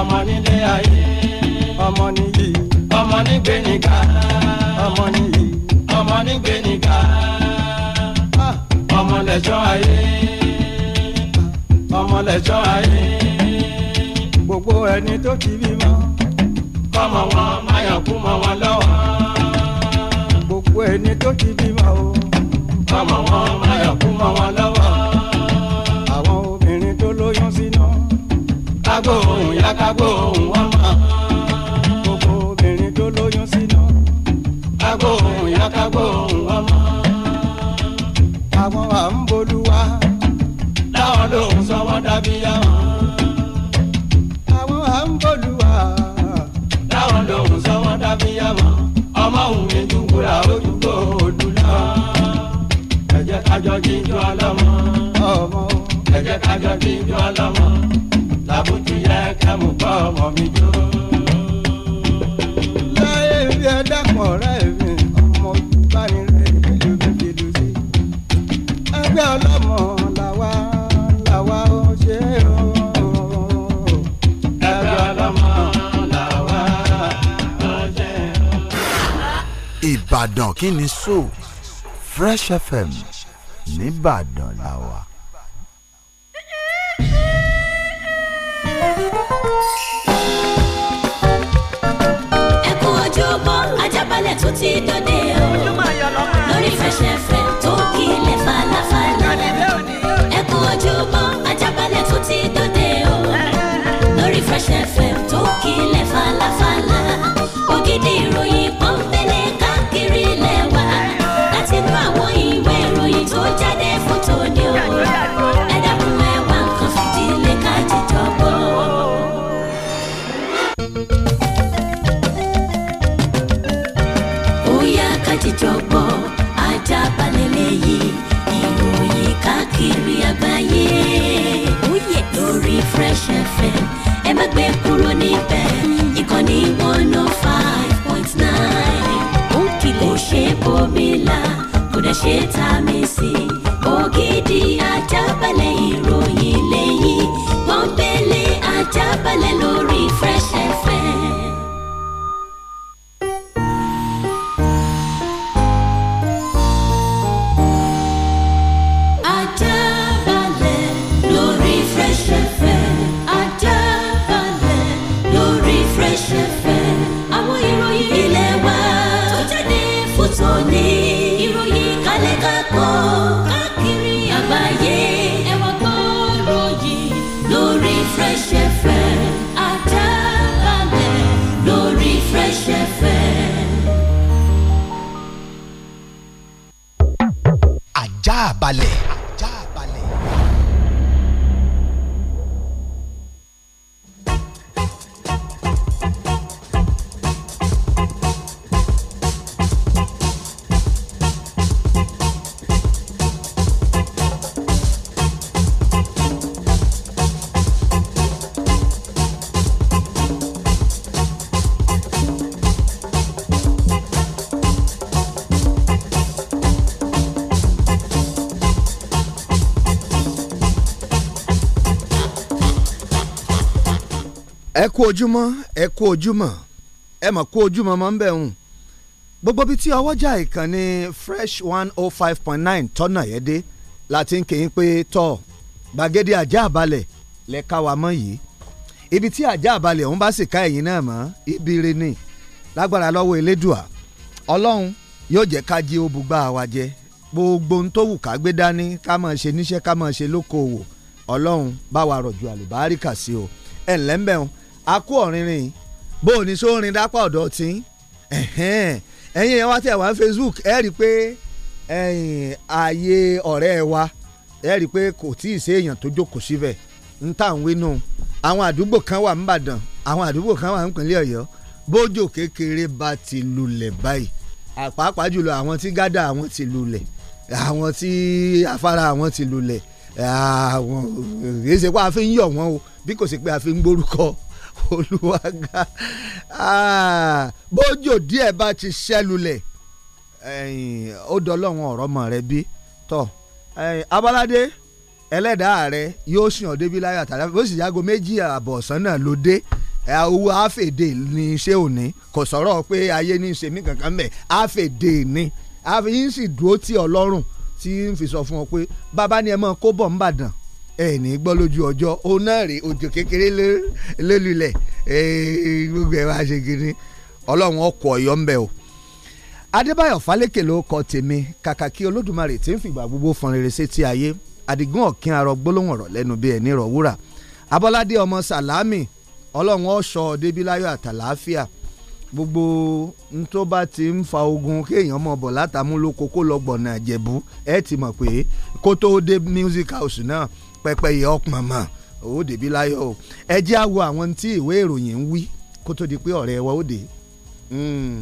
ọmọ nílé ayé ọmọ nìyí ọmọ nígbè níga ọmọ nìyí ọmọ nígbè níga ọmọ lẹ́jọ́ ayé ọmọ lẹ́jọ́ ayé gbogbo ẹni tó ti bímọ kọ́mọ wọn máyànkú mọ́ wọn lọ́wọ́ gbogbo ẹni tó ti bímọ o kọ́mọ wọn máyànkú mọ́ wọn lọ́wọ́. agbóhùn ọmọ gbogbo obìnrin tó lóyún sínú agbóhùn ìyá kágbóhùn ọmọ àwọn à ń bolúwa láwọn lòún sọ wọn dàbí yàwọn. àwọn à ń bolúwa láwọn lòún sọ wọn dàbí yàwọn ọmọ òun mi dùnkúra ojúgbò òdùlá ẹ jẹ́ ká jọ jíjọ ọlọ́mọ ẹ jẹ́ ká jọ jíjọ ọlọ́mọ àbójúyá kámú bọ́ ọmọ mi jó. láyé bí ẹ dákun ọ̀rẹ́ mi ọmọ bá ní rẹ̀ ìlú gbèdú sí. ẹgbẹ́ ọlọ́mọ làwa làwa ó ṣe é o. ẹgbẹ́ ọlọ́mọ làwa ó ṣe é o. Ìbàdàn kí ni so Fresh FM nìbàdàn làwà. ti dòde o lórí fẹsẹ̀fẹ̀ tó kílẹ̀ falafala ẹ kú ojúmọ́ Ajaabale ṣe tá a mi sí ògidì ajábalẹ̀ ìró. ẹ kú ojúmọ́ ẹ kú ojúmọ́ ẹ mọ̀ kú ojúmọ́ mọ́ ń hùn gbogbo bíi tí ọwọ́jà ìkànnì fresh one oh five point nine tọ́nà yẹn dé láti ń kéyìn pé tọ́ gbàgede àjà àbálẹ̀ lẹ́ka wa mọ́ yìí ibi tí àjà àbálẹ̀ ọ̀hún bá sì ká ẹ̀yìn náà mọ́ ibi ire ni lágbára lọ́wọ́ elédùà ọlọ́run yóò jẹ́ ká jí òbúgbà wa jẹ gbogbo ohun tó wù ká gbé dání ká máa ṣe níṣẹ́ ká máa ṣe lókoòwò ọlọ́run bá wa rọ̀jò àlùbáríkà sí o ẹ̀ ńlẹ́ akú ọ̀rìnrìn bó o ní sọ rin dápá ọ̀dọ̀ tí ẹ̀yìn ẹ̀ wá tẹ̀ wá ní Facebook ẹ̀ rí i pé ààyè ọ̀rẹ́ wa ẹ̀ rí i pé kò tí ì ṣe èèyàn tó jókòó síbẹ̀ ń tà ń wí nù àwọn àdúgbò kan wà nìbàdàn àwọn àdúgbò kan wà nípínlẹ̀ ọ̀yọ́ bójò kékeré bá ti lulẹ̀ báyìí àpapàá jùlọ àwọn tí gádà àwọn ti lulẹ̀ àwọn tí afárá àwọn ti lulẹ̀ àwọn èsèpá a fi ń yọ̀ wọ́n o bí kò sí pé a ń gbórúkọ olùwàgà ah, bójú díẹ̀ bá ti ṣẹ́lulẹ̀ ó dọ́lọ́wọ́n ọ̀rọ̀ mọ̀ rẹ bí tọ́ abaládé ẹlẹ́dàá rẹ yóò sìn ọ́ débi láyà tàbí bó sì yàgò méjì àbọ̀ ọ̀sán náà ló dé owó àfèdè ní ṣé òní kò sọ̀rọ̀ pé ayé ní ṣe mí kankan mẹ́ àfèdè ni àfi yín sì dúró tí ọlọ́run tí ń fi sọ fún ọ pé bàbá ni ẹ mọ̀ kó bọ̀ ń bàdàn ẹni ní gbọ́ lójú ọjọ́ òun náà rí òjò kékeré lélulẹ̀ gbogbo ẹ̀ wá ṣe ọlọ́run ọkọ̀ ọ̀yọ́ o. adébáyọ̀ fálékè ló kọ tèmi kàkà kí olódùmarè tí ń fìgbà gbogbo fọn rere sétí ayé àdìgún ọ̀kín arọ gbólóhùn ọ̀rọ̀ lẹ́nu ẹni rọ̀ wúrà abọ́ládé ọmọ gbogbo n ti ń ogun kéèyàn bọ̀ látàmúlò kókó lọ́gbọ̀nà àjẹ̀bú ti mọ̀ pé dé pẹ́pẹ́yẹ ọ̀pọ̀n mọ̀ ó dèbí láyọ̀ o ẹ jẹ́ àwọn tí ìwé ìròyìn ń wí kó tó di pé ọ̀rẹ́ wa ó hmm.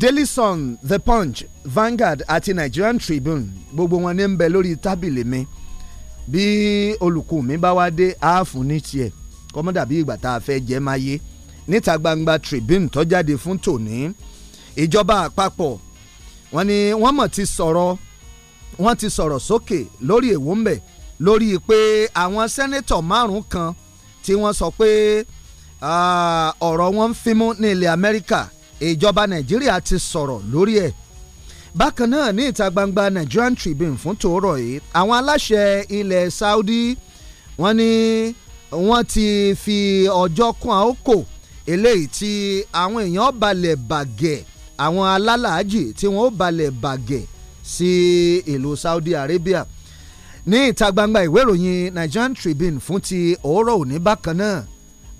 Daily Sun The Punch Vanguard àti Nigerian Tribune gbogbo wọn ní ń bẹ lórí tábìlì mi bí olùkù mi bá wá dé àáfún ní tiẹ̀ kọ́mọ́dà bí ìgbà tá a fẹ́ jẹ́ máa yé níta gbangba Tribune tó jáde fún tòní ìjọba àpapọ̀ wọ́n ní wọ́n mọ̀ ti sọ̀rọ̀ wọ́n ti sọ̀rọ̀ sókè lórí èwo ń bẹ̀ lórí pé àwọn sẹ́nẹ́tọ̀ márùn-ún kan tí wọ́n sọ pé ọ̀rọ̀ wọn ń fimú ní ilẹ̀ Amẹ́ríkà ìjọba Nàìjíríà ti sọ̀rọ̀ lórí ẹ̀ bákan náà ní ìta gbangba Nigerian Tribune fún tòórọ̀ yìí àwọn aláṣẹ ilẹ̀ Saudi wọ́n ní wọ́n ti fi ọjọ́ kún àókò eléyìí tí àwọn èèyàn balẹ̀ bàgẹ́ àwọn alálàájì tí wọ́n ó balẹ̀ bàgẹ́ sí ìlú Saudi Arabia ní ìta gbangba ìwé ìròyìn Nigerian Tribune fún ti òórọ̀ òní bákan náà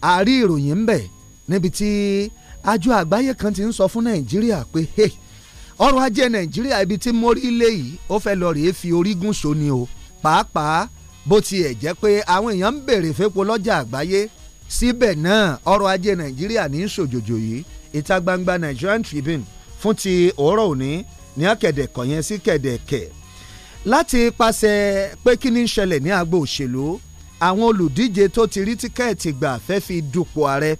a rí ìròyìn ń bẹ níbi tí àjọ àgbáyé kan ti ń sọ fún Nàìjíríà pé ọrọ̀ ajé Nàìjíríà ibi tí mórí lé yìí ó fẹ́ lọ rèé fi orígun so ni o pàápàá bó tiẹ̀ jẹ́ pé àwọn èèyàn ń béèrè fépo lọ́jà àgbáyé síbẹ̀ náà ọrọ̀ ajé Nàìjíríà ní ṣòjòjò yìí ìta gbangba Nigerian Tribune fún ti òórọ̀ òní ní àkẹ̀dẹ̀kọ̀ yẹn sí kẹ̀dẹ̀kẹ̀ láti ipasẹ̀ pé kí ni ń ṣẹlẹ̀ ní agbo òṣèlú àwọn olùdíje tó ti rí tíkẹ́ẹ̀tì gbà fẹ́ fi dupò ààrẹ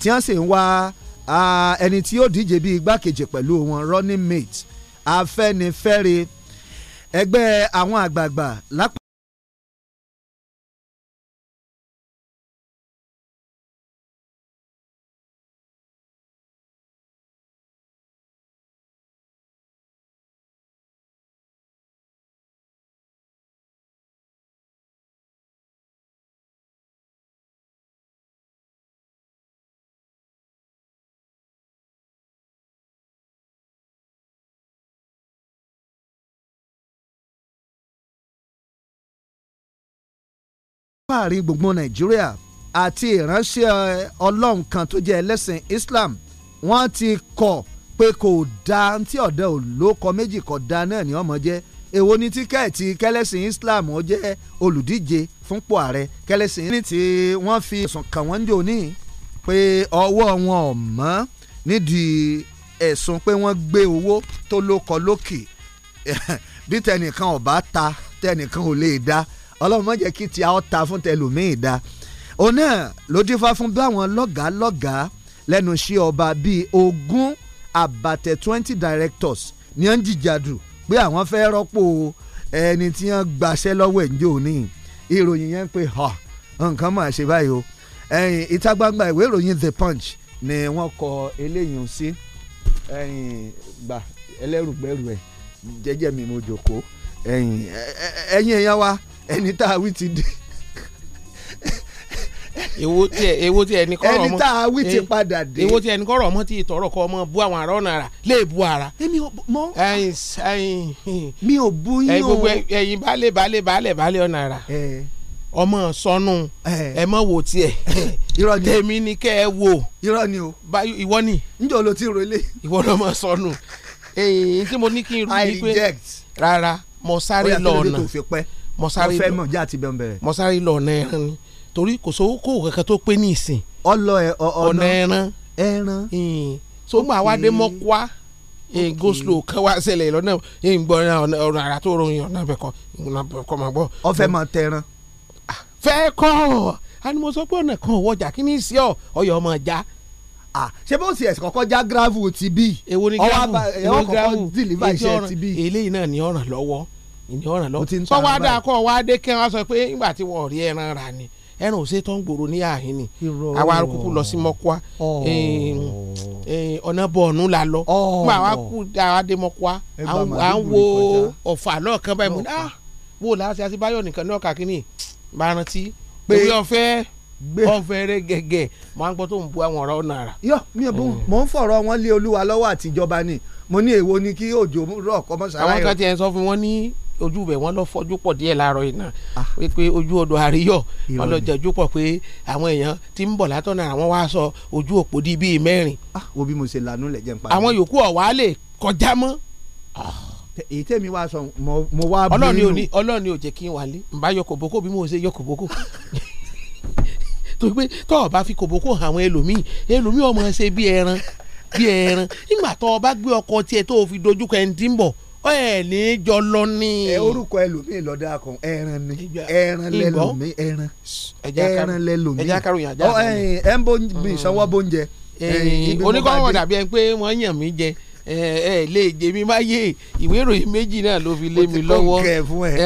tí wọ́n sì ń wá ẹni tí yóò díje bíi igbákejì pẹ̀lú wọn running mate Afẹ́nifẹ́re ẹgbẹ́ àwọn àgbààgbà lápá. láàrin gbogbo nàìjíríà àti ìránṣẹ́ ọlọ́run kan tó jẹ́ ẹlẹ́sìn islam wọ́n ti kọ̀ pé kò da tí ọ̀dẹ́ ò ló méjì kọ̀ da náà ni ọmọ jẹ́ èwo ni tíkẹ́ẹ̀tì kẹlẹ́sìn islam ó jẹ́ olùdíje fúnpò ààrẹ kẹlẹ́sìn ní tí wọ́n fi ẹ̀sùn kàn wọ́n ń jò ní pé ọwọ́ wọn ò mọ́ nídìí ẹ̀sùn pé wọ́n gbé owó tó ló lókè bí tẹnìkan ò ta tẹnìkan ò lè dá ọlọ́run má jẹ́ kí ti a ta fún tẹlùmíì da òun náà ló dífá fún báwọn lọ́gàá lọ́gàá lẹ́nu iṣẹ́ ọba bíi ogún àbàtẹ̀ twenty directors ní ọ́n jìjàdù pé àwọn fẹ́ rọ́pò ẹni tí wọ́n gbaṣẹ́ lọ́wọ́ ẹ̀ ń jò ní ìròyìn yẹn pé nǹkan máa ṣe báyìí o ẹ̀yìn ìta gbangba ìwé ìròyìn the punch ni wọ́n kọ eléyìí sí ẹ̀yìn gbà ẹlẹ́rùgbẹ́rù ẹ̀ jẹ́jẹ́ mi mo jòkó ẹ̀yìn ẹ̀yìn ẹ̀yàn wa ẹni tá a wí ti dé. èwo tí ẹ èwo tí ẹni kọrọ ọmọ ẹni tá a wí ti eh, padà dé. èwo tí ẹni kọrọ ọmọ tí ìtọrọ kọ ọmọ bu àwọn ará ọ̀nà ara lè bu ara. èmi ò mọ. ẹyin ẹyin. mi ò bu yín o. gbogbo ẹyin baálé baálé baálé baálé ọ̀nà ara. ọmọ sọnù ẹ mọ wo tiẹ. ni tèmi ni kẹ́ ẹ wo. irọ́ ni o. ìwọ ni. njẹ́ lo ti ro ilé. ìwọ ló mọ sọnù. èyí tí mo ní kí n rú ni pé Rara. mo sáré lọ ọ̀nà mo sáré lọ mo sáré lọ ọ̀nà ẹran ni torí kò sówó kó kankan tó pé ní ìsìn ọ̀nà ẹran ẹran so gbà wá dé mọ́kwá go slow kan wá ṣẹlẹ̀ lọ́nà ìgbọ́ ọ̀nà àrà tó ròyìn ọ̀nà bẹ̀kọ́ ọ̀nà bẹ̀kọ́ máa gbọ́. ọfẹ mọ tẹran. fẹ́ kọ́ a mo sọ pé ọ̀nà kan ọ̀wọ́jà kí ni í ọ ọ̀yọ́ ọmọ ọjà ṣé bó ti ẹ̀sìn kọ́kọ́ já gravel ti bí. èwo ni gravel èwo ni gravel ètò ọ̀ràn eléyìí náà ni ọ̀ràn lọ́wọ́ ìní ọ̀ràn lọ sọ wá dáa kọ́ wá dé kẹ́ wá sọ pé nígbà tí wọ́n rí ẹran rà ni ẹran òsè tó ń gbòòrò ní àhín ni àwa kúkú lọ sí mọ́kúá ọ̀nà bọ̀ọ̀nù la lọ nígbà àwa kú àwa dé mọ́kúá à ń wo ọ̀fà lọ́ọ̀kan báyìí mo ní ah wo làásì àti báyọ̀ nìkan ní ọ̀kà kínní bá rántí pé ọ̀fẹ́ ọ̀fẹ́rẹ́ gẹ̀gẹ̀ máa ń gbọ́ tó ń bu àwọn ọ̀rọ̀ náírà. yọ mi ò bùn mò ń fọ̀rọ̀ wọn lé olúwa lọ́wọ́ àtijọba ni mo ní èwo ni kí òjò rọ̀ kọ́mọ́sára àwọn kan ti ẹ̀ sọ fún wọn ní ojú bẹ̀ wọ́n lọ fọ́jú pọ̀ díẹ̀ láàárọ̀ yìí náà ah. wípé ojú odò àríyọ̀ wọ́n lọ jẹ́jú pọ̀ pé àwọn èèyàn ti ń bọ̀ látọ̀nà àwọn wá sọ ojú òpó di bíi mẹ́rin. Ah, wo bí mo ṣe lanu lẹ̀ jẹ́ n pa. àwọn yòókù ọ̀wá lè kọjá mọ́. èyí tẹ̀mí wá sọ mo wá bí nínú. ọlọ́run ni ò jẹ́ kí n wálé n bá yọ kòbókò bí mo ṣe yọ kòbókò torí pé tọ́ ọ bá fi kòbókò hàn àwọn ẹlòmíì ẹlòmíì ọmọ ṣe bí ẹran bí ẹran nígbà tó o bá gbé ọkọ tiẹ̀ tó o fi dojú kẹ́ ń dín bọ̀ ẹ ní jọ lọ ni. ẹ orúkọ ẹlòmíì lọ́dà kan ẹran ni ẹran lẹlòmíì ẹran ẹran lẹlòmíì ẹ ń bó mi ìsanwó bóúnjẹ. oníkọ́wọ́ dàbí ẹ pé wọ́n yàn mí jẹ ẹ ẹ lè jẹ mi má yé ìwé ìròyìn méjì náà ló fi lé mi lọ́wọ́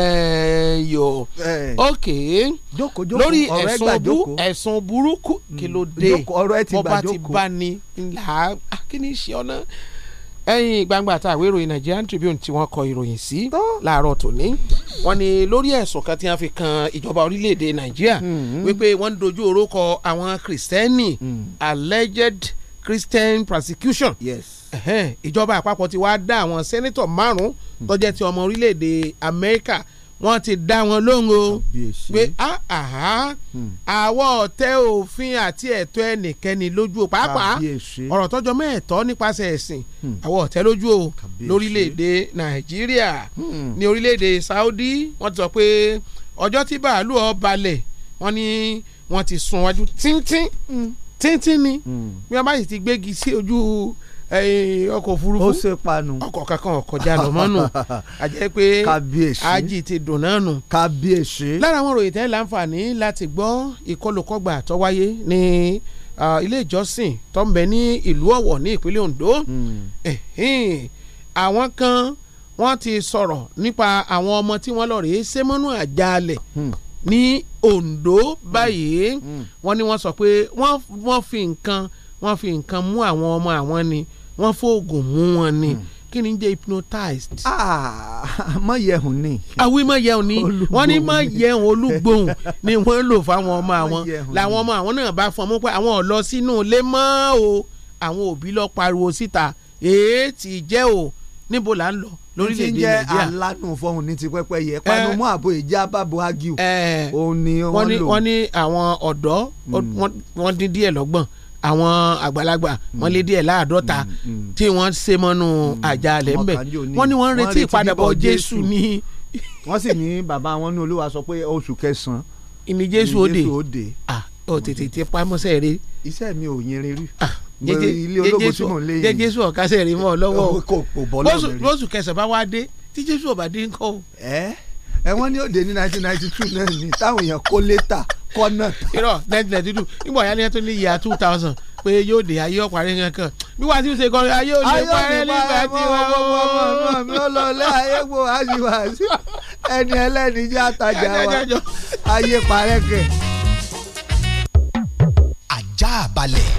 ẹ yọ ok lórí ẹ̀sùn burúkú kí ló mm. dé ọba ti bá ni là á ah, kí ni ṣe ọ náà ẹ̀yìn gbangba tá àwérò Nigerian Tribune tí wọ́n kọ ìròyìn sí láàárọ̀ tòní wọ́n ní lórí ẹ̀sùn kan tí wọ́n fi kan ìjọba orílẹ̀-èdè Nàìjíríà hmm. wípé wọ́n dojú orúkọ àwọn Kristẹni hmm. alleged Christian persecution ìjọba àpapọ̀ ti wá dá àwọn sẹ́nitọ̀ márùn-ún hmm. tó jẹ́ ti ọmọ orílẹ̀-èdè Amẹ́ríkà wọ́n ti dá wọn lóhùn o pé hmm. àwọ̀ ọ̀tẹ̀ òfin àti ẹ̀tọ́ ẹnìkẹ́ni lójú o pàápàá ọ̀rọ̀ tọ́jọ́ mẹ́ẹ̀tọ́ nípasẹ̀ ẹ̀sìn hmm. àwọ̀ ọ̀tẹ̀ lójú o lórílẹ̀‐èdè nàìjíríà hmm. ní orílẹ̀‐èdè saudi wọ́n ti sọ pé ọjọ́ tí bàálù ọ balẹ̀ wọ́n ní wọ́n ti sún wájú tíntín tíntín ni bí wọ́n bá sì ti gbégi sí ojú. Si ọkọ̀ òfurufú ó ṣe panu ọkọ̀ kankan ọkọ̀ jáde mọ́nù àjẹ́ pé kábíyèsí ají ti dùn náà nù. kábíyèsí. lára àwọn òròyìn tẹ́ láǹfààní láti gbọ́ ìkọlùkọgbà tó wáyé ní ilé ìjọsìn tó ń bẹ ní ìlú ọ̀wọ̀ ní ìpínlẹ̀ Ondo hmm. àwọn kan wọ́n ti sọ̀rọ̀ nípa àwọn ọmọ tí wọ́n lọ rèé sẹ́mọ́nù àjálẹ̀ hmm. ní Ondo báyìí hmm. wọ́n ní wọ́n sọ pé wọ́n fi nǹkan wọ́n fi nǹkan mú àwọn ọmọ àwọn ni. Hmm wọ́n fóògùn mú wọn ni hmm. kí ni jẹ́ hypnotized. Ah, má yẹun ni. àwí ah, má yẹun ni wọ́n ní má yẹun olúgbòhùn ni wọ́n lò fáwọn ọmọ àwọn làwọn ọmọ àwọn náà bá fọmú pé àwọn ò lọ sínú ilé mọ́ o àwọn òbí lọ pariwo síta èé ti jẹ́ o níbo là ń lọ lórílẹ̀‐èdè nàìjíríà ti ń jẹ́ alánú fọ́hùn ní ti pẹ́pẹ́ yẹ panumọ́ eh. àbò ìjà bàbò agiu eh. òun ni wọ́n lò. wọ́n ní àwọn ọ̀dọ́ hmm. wọ́n dín díẹ̀ lọ́gbọ̀n àwọn àgbàlagbà wọ́n lé díẹ̀ láàdọ́ta mm, mm, mm. tí wọ́n ṣe mọ́nú àjàalẹ̀ ńbẹ̀ wọ́n ní wọ́n ń retí ìpadàbọ̀ Jésù ní. wọ́n sì ní bàbá wọn ní Olúwa sọ pé oṣù kẹsàn-án ìní Jésù òde ọ tètè ti pamọ́sẹ̀ rí. iṣẹ́ mi ò yẹn rí rí ilé ológun tí mò ń lé yẹn. jẹjẹsù ọ̀kasẹ̀ rí mọ́ ọ lọ́wọ́ lóṣù kẹsàn-án bá wá dé tí Jésù ọ̀bà dín kọ́. ẹ ẹ wọ́n ní òde ní nineteen ninety two náà ni táwọn èèyàn kó lẹ́tà kọ́nà. irọ́ nineteen ninety two nígbà yẹn ni tó ní year two thousand pé yóò dé ayé ọ̀parí kankan bí wàá ti ṣe kọ́ ayé ò lè parẹ́ nígbà tí wọ́n wọ́n wọ́n mi ò lọ lé ayé gbò wáṣíwáṣí ẹni ẹlẹ́ni jẹ́ àtajà wa ayé parẹ́ kẹ. ajá balẹ̀.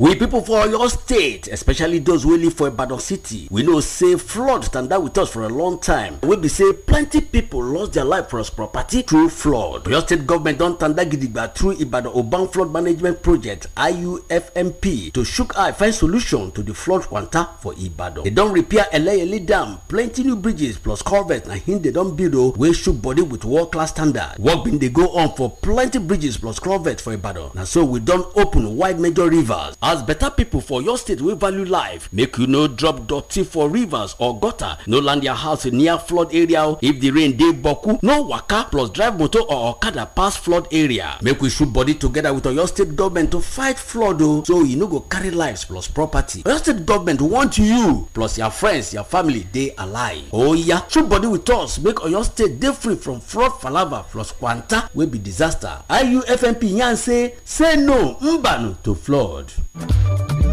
we people for oyo state especially those wey live for ibadan city we know say flood standa with us for a long time wey be say plenty people lost their life for us property through flood oyo state government don tanda gidigba through ibadan oban flood management project iufmp to shook eye find solution to the flood kwanta for ibadan They don repair eleyele dam plenty new bridges plus culverts na him they don build o wey shook body with world class standard work bin dey go on for plenty bridges plus culverts for ibadan na so we don open wide major rivers as better people for your state wey value life make you no drop dirty for rivers or gutter no land your house near flood area if the rain dey boku no waka plus drive motor or okada pass flood area make we shoot body together with oyo state government to fight flood o so e no go carry lives plus property oyo state government want you plus your friends your family dey alive oya oh shoot body with us make oyo state dey free from flood palava plus kwanta wey be disaster iufmp yarn say say no mbanu to flood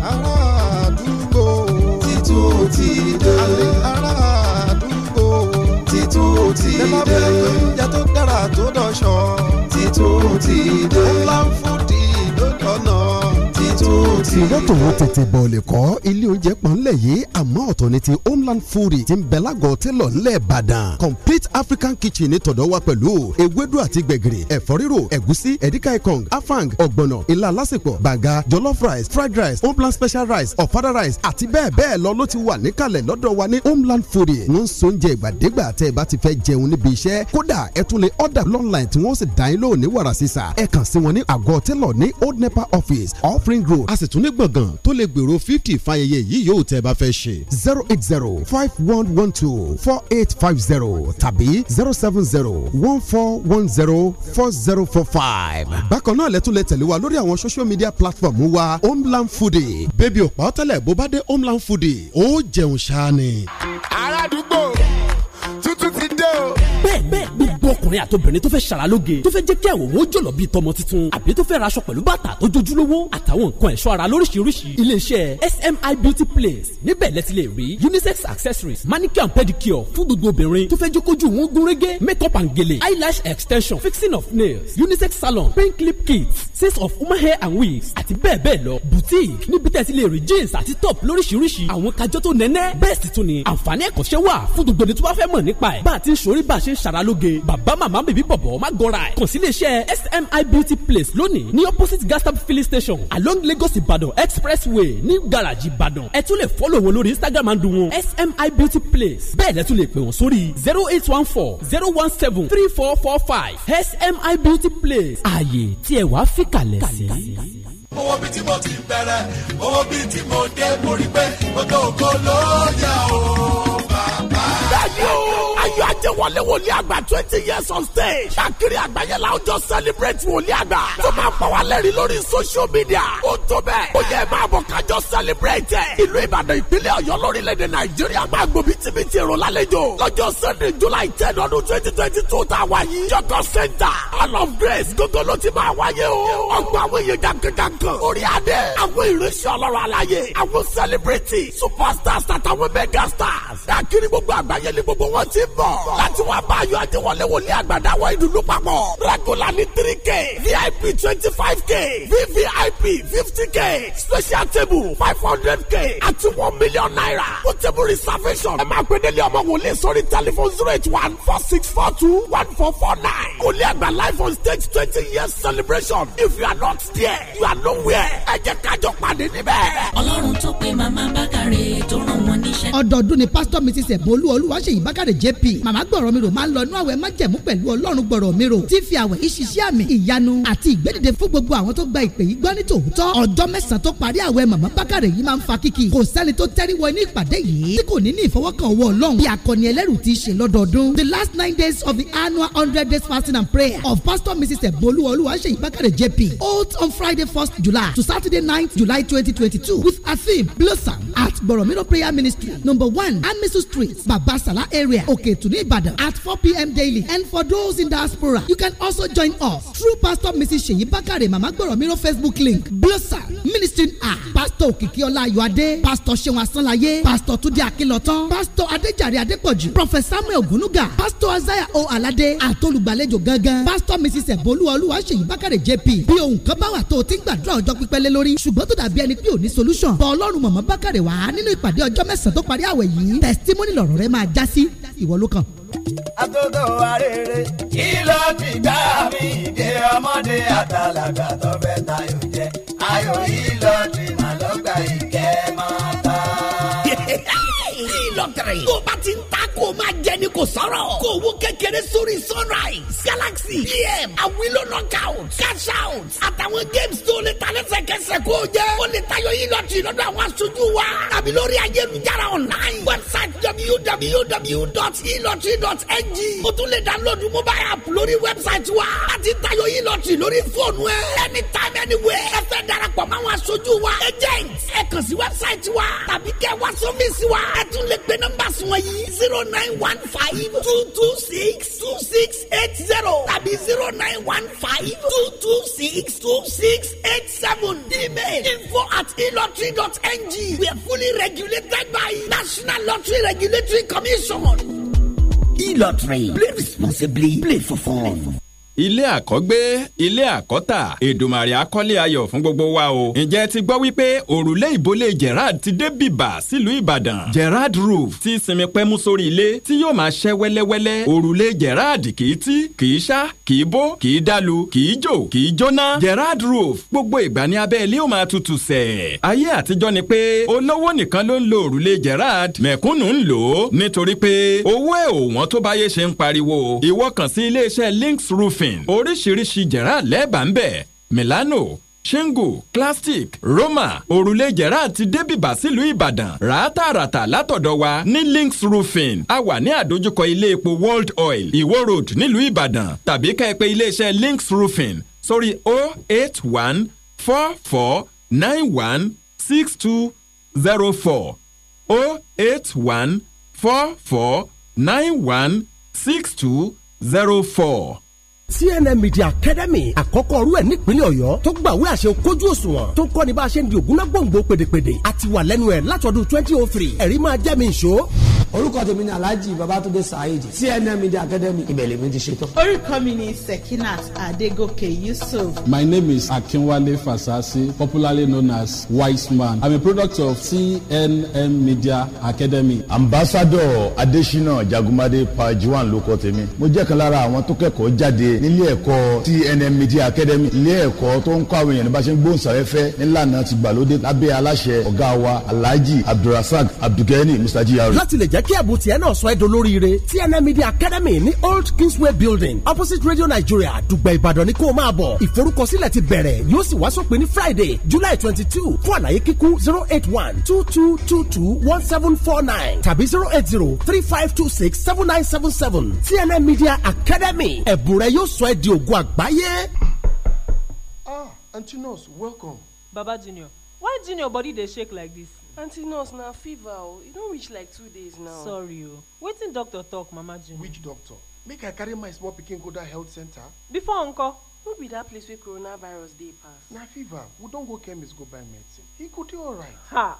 ará àdúgbò títún ti dé. ará àdúgbò títún ti dé. ẹ má bẹ́ẹ̀ pé oúnjẹ tó dára tó dọ̀ṣọ́ títún ti dé. ó láǹfọ̀dì lójọ́ náà ti iná tòun tètè bọ̀ lè kọ́ ilé oúnjẹ pọ̀ ńlẹ̀ yìí àmọ́ ọ̀tọ̀ ni ti homeland food ti ń bẹ lágọ̀ọ́ tẹ́lọ̀ ńlẹ̀ ìbàdàn complete african kitchen ní tọ̀dọ̀ wa pẹ̀lú ewédú àti gbẹ̀gìrì ẹ̀fọ́ ríro ẹ̀gúsí ẹ̀díkà ikong afang ọ̀gbọ̀nọ̀ ilá alásèpọ̀ bàgà jollof rice fried rice homeland special rice ọ̀fadà rice àti bẹ́ẹ̀ bẹ́ẹ̀ lọ ló ti wà níkàlẹ̀ lọ́dọ̀ wa ní homeland food wọ́n ń sóúnjẹ ìgbàdégbà tẹ́ ẹ bá ti fẹ́ jẹun níbi iṣẹ́ kódà ẹ tún lè order online tí wọ́n sì dá yín lóhùn ní wàrà sísà ẹ kàn sí wọn ní àgọ́ tẹ́lọ̀ ní old nepa office off ring road sì tún ní gbọ̀ngàn tó lè gbèrò fifty fáyẹyẹ yìí yóò tẹ́ ẹ bá fẹ́ ṣe. zero eight zero five one one two four eight five zero tàbí zero seven zero one four one zero four zero four five. bákan náà lẹ́tún lè tẹ̀lé wa lórí àwọn social media platform wa homeland foodie baby òpá ọ̀tẹ̀lẹ̀ bó bá dé homeland foodie ó jẹun ṣáá ni. aládùúgbò ọkùnrin àti obìnrin tó fẹ́ ṣàralóge tó fẹ́ jẹ́ kí àwòwò jọ̀lọ̀ bíi tọmọ tuntun àbí tó fẹ́ raṣọ pẹ̀lú bàtà tó jojúlówó àtàwọn nǹkan ẹ̀ṣọ́ ara lóríṣiríṣi iléeṣẹ́ SMI beauty place níbẹ̀ lẹ́tí lè rí unisex accessories manicure and pedicure fún gbogbo obìnrin tó fẹ́ jẹ́ kójú wọn gún make up and gèlè eyelash extension fixing of nails unisex salon Pink clip kits sets of woman hair and wigs àti bẹ́ẹ̀ bẹ́ẹ̀ lọ boutique níbi tẹ́tí lè rí jeans àti top lóríṣiríṣi àwọn kájọ tó nẹ́nẹ́ bẹ́ẹ̀ sì tún ni àǹfààní ẹ̀kọ́ṣẹ́ wà fún gbogbo ní tó bá fẹ́ mọ̀ màmá bèbí bọ̀bọ̀ má gọra ẹ̀ kàn sí iléeṣẹ́ SMI Beauty Place lónìí ní opposite gas stop filling station along Lagos ibadan expressway ní garaji Ìbàdàn ẹ tún lè fọ́lọ̀ wọn lórí Instagram àdùn wọn SMI Beauty Place bẹ́ẹ̀ lẹ́ tún lè pè wọ́n sórí zero eight one four zero one seven three four four five SMI Beauty Place ààyè tí ẹ wàá fi kalẹ̀ sí. owó bíi tí mo ti bẹ̀rẹ̀ owó bíi tí mo dé mo rí pé mo tó kó lóyà o bàbá. dájú ayọ̀ ajé wọlé wòlíì àgbà twenty years on stage kakiri àgbáyé la ó jọ celebrate wòlíì àgbà tó máa pa wá lẹ́rìí lórí social media ó tó bẹ́ẹ̀ ó yẹ máa bọ̀ kájọ celebrate ìlú ìbàdàn ìpínlẹ̀ ọ̀yọ́ lórílẹ̀‐èdè nàìjíríà máa gbòbí tìbítì èrò lálejò lọ́jọ́ sunday july ten ọdún twenty twenty two tá a wá yìí jọkọ center all of grace gbogbo ló ti máa wáyé o ọgbà àwọn èèyàn jankan-jankan orí adé àwọn ìrẹsì ọlọ́run àlàyé àwọn celebrity superstars àtàwọn megastars kakiri gbogbo àgbáyé ni gbogbo wọn ti b bọ̀ láti wá bá ayọ̀ àti wọlé wòlé àgbàdo àwọn ìdùnnú papọ̀ regular ní three k vip twenty five k vvip fifty k special table five hundred k àti one million naira ó table reservation ẹ máa gbé délé ọmọ wòlé sórí telephone zero eight one four six four two one four four nine wòlé àgbà life on stage twenty years celebration if you are not there you are nowhere ẹ jẹ́ kájọ pàdé níbẹ̀. ọlọ́run tó pe màmá bákàrẹ̀ tó ràn wọ́n níṣẹ́. ọdọọdún ni pásítọ̀ mrs ẹ̀bọ́lú olúwaṣeyìn bákàrẹ̀ jp ACP màmá gbọ̀rọ̀ mi rò máa ń lọ inú àwẹ̀ májẹ̀mú pẹ̀lú ọlọ́run gbọ̀rọ̀ mi rò tí fi àwẹ̀ yìí àmì ìyanu àti ìgbédìde fún gbogbo àwọn tó gba ìpè yìí gbọ́ ní tòótọ́ ọjọ́ mẹ́sàn-án tó parí àwẹ̀ màmá bákàrẹ̀ yìí máa ń fa kíkì kò sẹ́ni tó tẹ́rí wọ inú ìpàdé yìí tí kò ní ní the last nine days of the annual hundred days fasting and prayer of pastor mrs ebolu oluwaseyi bakare jp holds on friday first july to saturday ninth july twenty with a theme blossom at boromiro prayer ministry number one amisu street babasala area òkè Ìyètù ní Ìbàdàn at 4 p.m. daily and for those in diaspora you can also join us through Pastor Mrs. Seyi Bakare Mama Gboromiro Facebook link Blossom Ministering app Pastor Okikiola Ayọ̀adé Pastor Ṣeun Asanlaye Pastor Tunde Akinlotan Pastor Adejare Adepoju. Prophet Samuel Ogunuga Pastor Azaya O Alade àtolùgbàlejò gangan Pastor Mrs. Ẹ̀bọ́lú Olúwa Seyi Bakare JP bí ohun kan bá wà tó o ti ń gbàdúrà ọjọ́ pípẹ́ lé lórí ṣùgbọ́n tó dàbí ẹni pé ò ní solution bọ́ Ọlọ́run Mama Bakare wá nínú ìpàdé ọjọ́ mẹ́sàn-án tó parí àwẹ̀ yìí testimony lọ̀rọ̀ rẹ máa já sí ìwọ ìwọ ló kàn. kí ló fi gbá mi ìdè ọmọdé àtàlàgbà tó fẹ́ tayò jẹ ayò yìí lọ ti mà lọ́gbà ìkẹ́ máa ta. kí ló tẹ̀rẹ̀. tó bá ti ń ta kó máa jẹ kò sọ̀rọ̀ kó owó kékeré sórí sunrise galaxy pm awilo knockout cash out àtàwọn games tó lè ta lẹ́sẹ̀kẹsẹ̀ kó o jẹ́ o lè tayọ yìí lọ tì lọ́dọ̀ àwọn aṣojú wa tàbí lórí ayélujára online website www.elotry.ng o tún lè download mobile app lórí website wa láti tayọ yìí lọ tì lórí fóònù ẹ anytime anywhere ẹ fẹ́ darapọ̀ mọ́ àwọn aṣojú wa agent ẹ kàn sí website wa tàbí kẹ́ wá sọ́fíìsì wa ẹ tún lè pe nọ́mbà sùn wọ̀nyí zero nine one five five two two six two six eight zero tàbí zero nine one five two two six two six eight seven email info at elotry dot ng we are fully regulated by National Lottery Regulatory Commission. E-lottery. Play responsibly. Play for fun. Play for fun ilé àkọ́gbé ilé àkọ́tà Èdùmàrè akọ́lé ayọ̀ fún gbogbo wa o. ǹjẹ́ ti gbọ́ wípé òrùlé ìbólé Gerard ti dé bìbà sílùú Ìbàdàn Gerard roof ti sinmi pẹ́mú sórí ilé tí yóò máa ṣẹ́ wẹ́lẹ́wẹ́lẹ́ òrùlé Gerard kì í tí kì í ṣá kì í bó kì í dalu kì í jò kì í jóná Gerard roof gbogbo ìgbà ní abẹ́ ilé ó máa tutù sẹ̀. ayé àtijọ́ ni pé olówó nìkan ló ń lo òrùlé Gerard mẹ̀kúnnù ń lò ó nítorí pé owó ẹ̀ òwọ́n Links roofing Irving oríṣiríṣi jẹ̀rá lẹ́ẹ̀bà ń bẹ̀ Milano shingle plastic roma òrùlé jẹ̀rá àti débìbà sílùú ìbàdàn ràátàràtà látọ̀dọ̀ wa ní links roofing a wà ní àdójúkọ ilé epo world oil ìwó road nílùú ìbàdàn tàbí ká ẹ pè iléeṣẹ́ links roofing sórí 08144916204 08144916204. CNN Media Academy àkọ́kọ́ ọ̀rú ẹ̀ nípínlẹ̀ Ọ̀yọ́ tó gbàwé àṣẹ kójú òṣùwọ̀n tó kọ́ ni bá a ṣe ń di ògúnná gbòǹgbò pèdèpèdè àti wà lẹ́nu ẹ̀ látọdún twenty oh three ẹ̀rí máa jẹ́ mi ṣó. orúkọ tèmi ni Alhaji Babatunde Saheed CNN Media Academy ìbẹ̀lẹ̀ mi ti ṣetán. orúkọ mi ni Sekinat Adegoke Yusuf. My name is Akinwale Fasasi popularly known as Wise Man I'm a product of CNN Media Academy. Ambassador Adesina Jagunmade Pajuwan ló kọ tèmi mo jẹ́ nílé ẹ̀kọ́ TNM Media Academy ilé ẹ̀kọ́ tó ń kọ́ àwọn èèyàn bá ń gbóhùnsáfẹ́fẹ́ nílànà ti gbàlódé lábẹ́ aláṣẹ ọ̀gá wa Alhaji Abdulrasaq Abdulgani Mr. GR. láti lè jẹ́ kí ẹ̀bùn tiẹ̀ náà sọ ẹ́ dolóríire TNM Media Academy ní Old Kingsway Building opposite Radio Nigeria Dùgbẹ̀ Ìbàdàn ni kó o máa bọ̀ ìforúkọsílẹ̀ ti bẹ̀rẹ̀ yóò sì wá sópin ní Friday July twenty two fún àlàyé kíkún zero eight one two two two two one seven four nine tàbí zero eight zero three five two six seven nine seven seven TNM Media Academy ẹ̀bùn rẹ yóò sọ ẹ́ di ògo àgbáyé. ah aunty nurse welcome. baba junior why junior body dey shake like this. aunty nurse na fever o e don reach like two days now. sorry o wetin doctor talk mama junior. which doctor make i carry my small pikin go that health center. before uncle. no be that place wey coronavirus dey pass. na fever we don go chemist go buy medicine He go dey alright. ha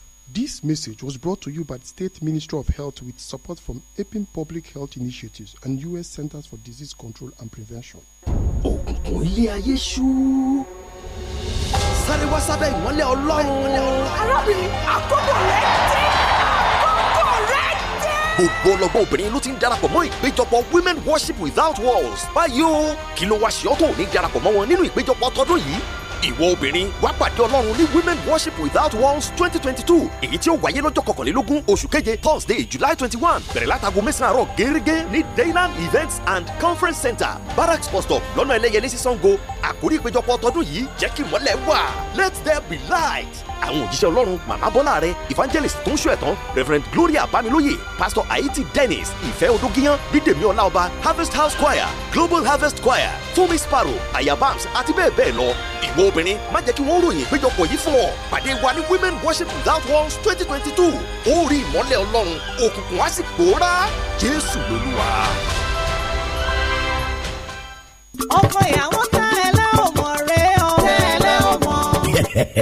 This message was brought to you by the State Ministry of Health with support from APIN Public Health Initiatives and U.S. Centers for Disease Control and Prevention. Òkùnkùn ilé ayé ṣú. Sáré wá sábẹ́ ìmọ́lẹ̀ Ọlọ́run. Arábìnrin àkókò rẹ̀ dé. Àkókò rẹ̀ dé. Gbogbo ọlọ́gbọ́n obìnrin ló ti ń darapọ̀ mọ́ ìpéjọpọ̀ Women Worship Without Walls. Báyìí o, kí ló wá ṣe ọ́ tó ní darapọ̀ mọ́ wọn nínú ìpéjọpọ̀ tọdún yìí? ìwọ obìnrin wá pàdé ọlọ́run ní women worship without walls twenty twenty two èyí tí ó wáyé lọ́jọ́ kọkànlélógún oṣù keje thursday july twenty one bẹ̀rẹ̀ látago mẹ́sàn-án àárọ̀ gẹ́gẹ́ ní dayland events and conference center barracks Post stop lọ́nà ẹlẹ́yẹlé sí sango àkórí ìpéjọpọ̀ tọdún yìí jẹ́ kí mọ́lẹ̀ wà let there be light àwọn òjíṣẹ́ ọlọ́run màmá bọ́lá rẹ evangelist tó ń ṣọ́ ẹ̀tàn reverend gloria bamilóye pastor haiti dennis ìfẹ́ odógíyán bídèmí ọláọba harvest house choir global harvest choir fúnmi sparrow ayabams àti bẹ́ẹ̀ bẹ́ẹ̀ lọ ìwọ obìnrin má jẹ́ kí wọ́n ròyìn ìpéjọpọ̀ yìí fún ọ pàdé wa ní women worship without walls twenty twenty two ó rí ìmọ́lẹ̀ ọlọ́run òkùnkùn á sì pòórá jésù lolúwa. ọkọ ìyàwó ta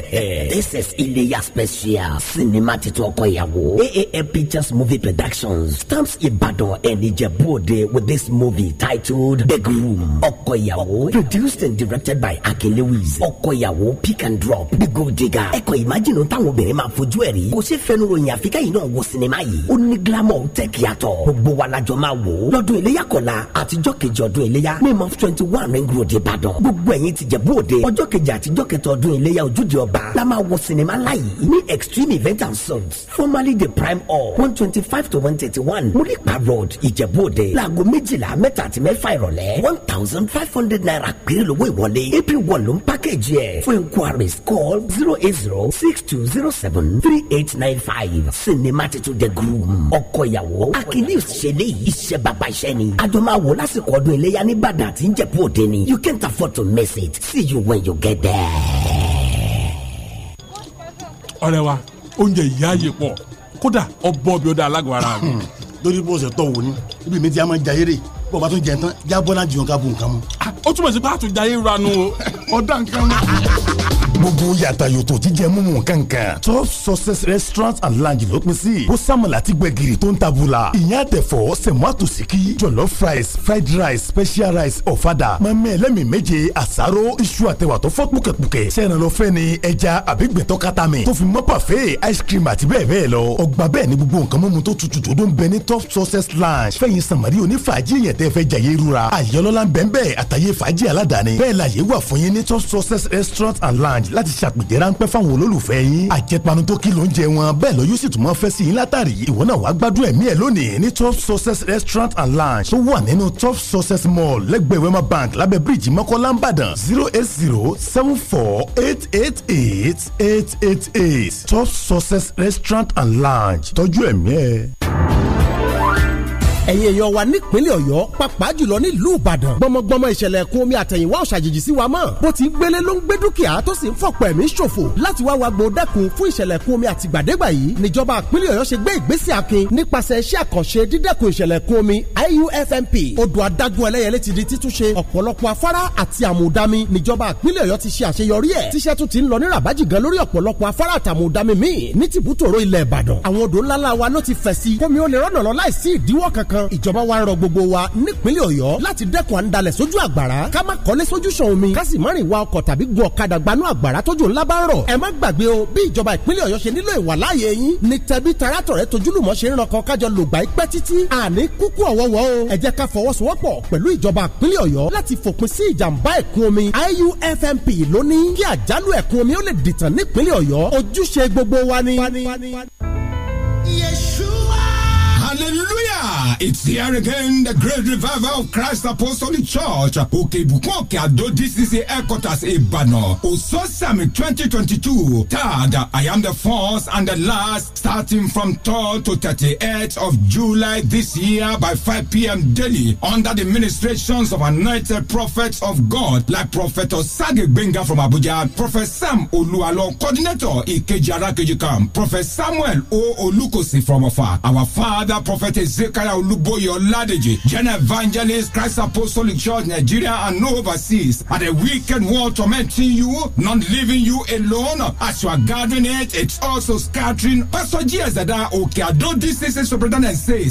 this is Iléyá special sinima titun ọkọ ìyàwó AAM Pictures movie productions stamps Ibadan and Ijebu-Ode with this movie titled The Groom ọkọ ìyàwó produced and directed by Akin Lewis ọkọ ìyàwó pick and drop The Gold Digger ẹ̀kọ́ imagine táwọn obìnrin máa fojú ẹ̀ rí kò ṣe fẹnu ròyìn àfikẹ́ yìí náà wo sinima yìí ó ní glamour tẹ̀kì yàtọ̀ gbogbo wa lajọ máa wò ó lọ́dún Iléyá kọ̀la àtijọ́ kejì ọdún Iléyá mímọ́ twenty one ring road Ìbàdàn gbogbo ẹ̀yin tìjẹ̀bú-Òde ọjọ́ kejì àtijọ́ kẹtọ̀ ọdún Iléyá ojú olójú ọba la máa wo sinimá láyé ní extreme event and sons formerly the prime hall one twenty five to one thirty one mulipa road ìjẹ̀bú-òde láago méjìlá mẹ́ta àti mẹ́fà ìrọ̀lẹ́ one thousand five hundred naira péré lówó ìwọlé april one ló ń pákéjì ẹ̀ fún inquiries call zero eight zero six two zero seven three eight nine five sinimá titun the groom ọkọ ìyàwó akilius ṣẹlẹ̀ yìí iṣẹ́ bàbá iṣẹ́ ni àjọ máa wò lásìkò ọdún iléyà ní ìbàdàn àti ìjẹ̀bú-òde ni you can't afford to miss it see you when you get there ọ̀rẹ́ wa oúnjẹ ìyá yìí pọ̀ kódà ọbọ̀ bí ó da alágọ̀ ara mi. Hmm. lórí bó ṣe tọ̀ wò ni ibi mi ti a máa ń jayé bó o bá tún jẹ tán jábọ́ náà jùlọ ká bu nǹkan mu. Ah, ó túmọ̀ sí pé a tún jayé ranu o ọ̀dà nǹkan mu gbogbo yàtọ̀ yòtò jíjẹ mímu kankan top success restaurant and lounge ló pín sí ó sàmàlà tí gbẹ̀gìrì tó ń tabula ìyẹn àtẹ̀fọ́ sẹ̀mọ́ àtòsíkí jollof rice fried rice special rice ọ̀fadà mọ̀mẹ́ ẹlẹ́mì méje àsáró iṣu àtẹwà tó fọ́ pùkẹ̀pùkẹ̀ sẹ́ranlọ́fẹ́ ni ẹja àbí gbẹ̀tọ́ katami tó fi mọ́ pàfẹ́ ice cream àti bẹ́ẹ̀ bẹ́ẹ̀ lọ ọgbà bẹ́ẹ̀ ni gbogbo nǹkan mímu tó tutù tó ń bẹ ní top success lounge fẹ̀yìn samari onífàájì yẹn tẹ́ fẹ́ jàyè rura àyẹ̀lọ́lá bẹ́ẹ̀ bẹ́ẹ̀ àtàyè fàájì aládàáni bẹ́ẹ̀ la yẹ wà fún yín ní top success restaurant and lounge láǹfààní láti ṣàpèjẹ ráńpẹ́ fáwọn olólùfẹ́ yín àjẹpanu tó kí ló ń jẹ wọn bẹ́ẹ̀ lọ yóò sì tún máa fẹ́ sí yín látàrí ìwọ náà wàá gbádùn ẹ̀mí ẹ̀ lónìí ní top success restaurant and lounge tó wà nínú top success mall lẹ́gbẹ̀ẹ́ wema bank lábẹ́ bíríìjì mọ́kànlá ńbàdàn zero eight zero seven four eight eight eight eight eight eight top success restaurant and lounge tọ́jú ẹ̀mí ẹ̀ ẹ̀yin èèyàn wa nípínlẹ̀ ọ̀yọ́ pàápàá jùlọ nílùú ìbàdàn gbọmọgbọmọ ìṣẹ̀lẹ̀ ẹ̀kún omi àtẹ̀yìnwá ọ̀ṣàjèjì sí wa mọ́ bó ti ń gbélé ló ń gbé dúkìá tó sì ń fọ̀pọ̀ ẹ̀mí ṣòfò láti wá wa gbọ́ dẹ́kun fún ìṣẹ̀lẹ̀ ẹ̀kún omi àtìgbàdégbà yìí níjọba ìpínlẹ̀ ọ̀yọ́ ṣe gbé ìgbésẹ̀ akin nípasẹ̀ iṣẹ́ àkànṣe dídẹ́kun ìṣẹ̀lẹ̀ ẹ̀kún omi IUFMP odò adágún ẹlẹ́yẹlé ti di títúnṣe ọ̀pọ̀lọpọ̀ afárá àti àmùdámi níjọba ìpínlẹ̀ ọ̀yọ́ ti ṣe àṣeyọrí ẹ̀ tíṣẹ́ tún ti ń lọ ní ràbájì gan lórí ọ̀pọ̀lọpọ̀ afárá àtàmùdámi kan ìjọba wa rọ gbogbo wa nípínlẹ̀ ọ̀yọ́ láti dẹ́kun àǹdalẹ̀ sójú àgbàrá ká má kọ́lé sójú sàn omi ká sì má rìn wa ọkọ̀ tàbí gun ọ̀kadà gbanú àgbàrá tójú ńlá bá ń rọ̀ ẹ má gbàgbé o bí ìjọba ìpínlẹ̀ ọ̀yọ́ ṣe nílò ìwà láàyè yín ni tẹbí tarátọ̀rẹ́ tojúlùmọ̀ ṣe ń ran kan kájọ lògbà ipẹ́ títí àní kúkú ọ̀wọ́wọ́ o ẹ jẹ́ ká fọwọ́sowọ́pọ̀ pẹ̀lú ìjọba it's here again the great revival of Christ Apostolic Church Okay, òkè ìbùkún òkè àdó DCC headquarters Ìbàdàn Òsọ́sàmì twenty twenty two third I am the first and the last starting from third to 38 eighth of July this year by 5 pm daily under the ministrations of anointed prophets of God like Prophet Osage Benga from Abuja Prophet Sam Oluwalo coordinator Ìkejì Arákejì Prophet Samuel O Olukosi from Afar, our father Prophet Ezekiel Oluboyo Ladeji, General Evangelist Christ Apostolic Church Nigeria and overseas. At the wicked world tormenting you, not leaving you alone. As you are gathering it, it's also scattering. Pastor G. Zada don't this is Superintendent says,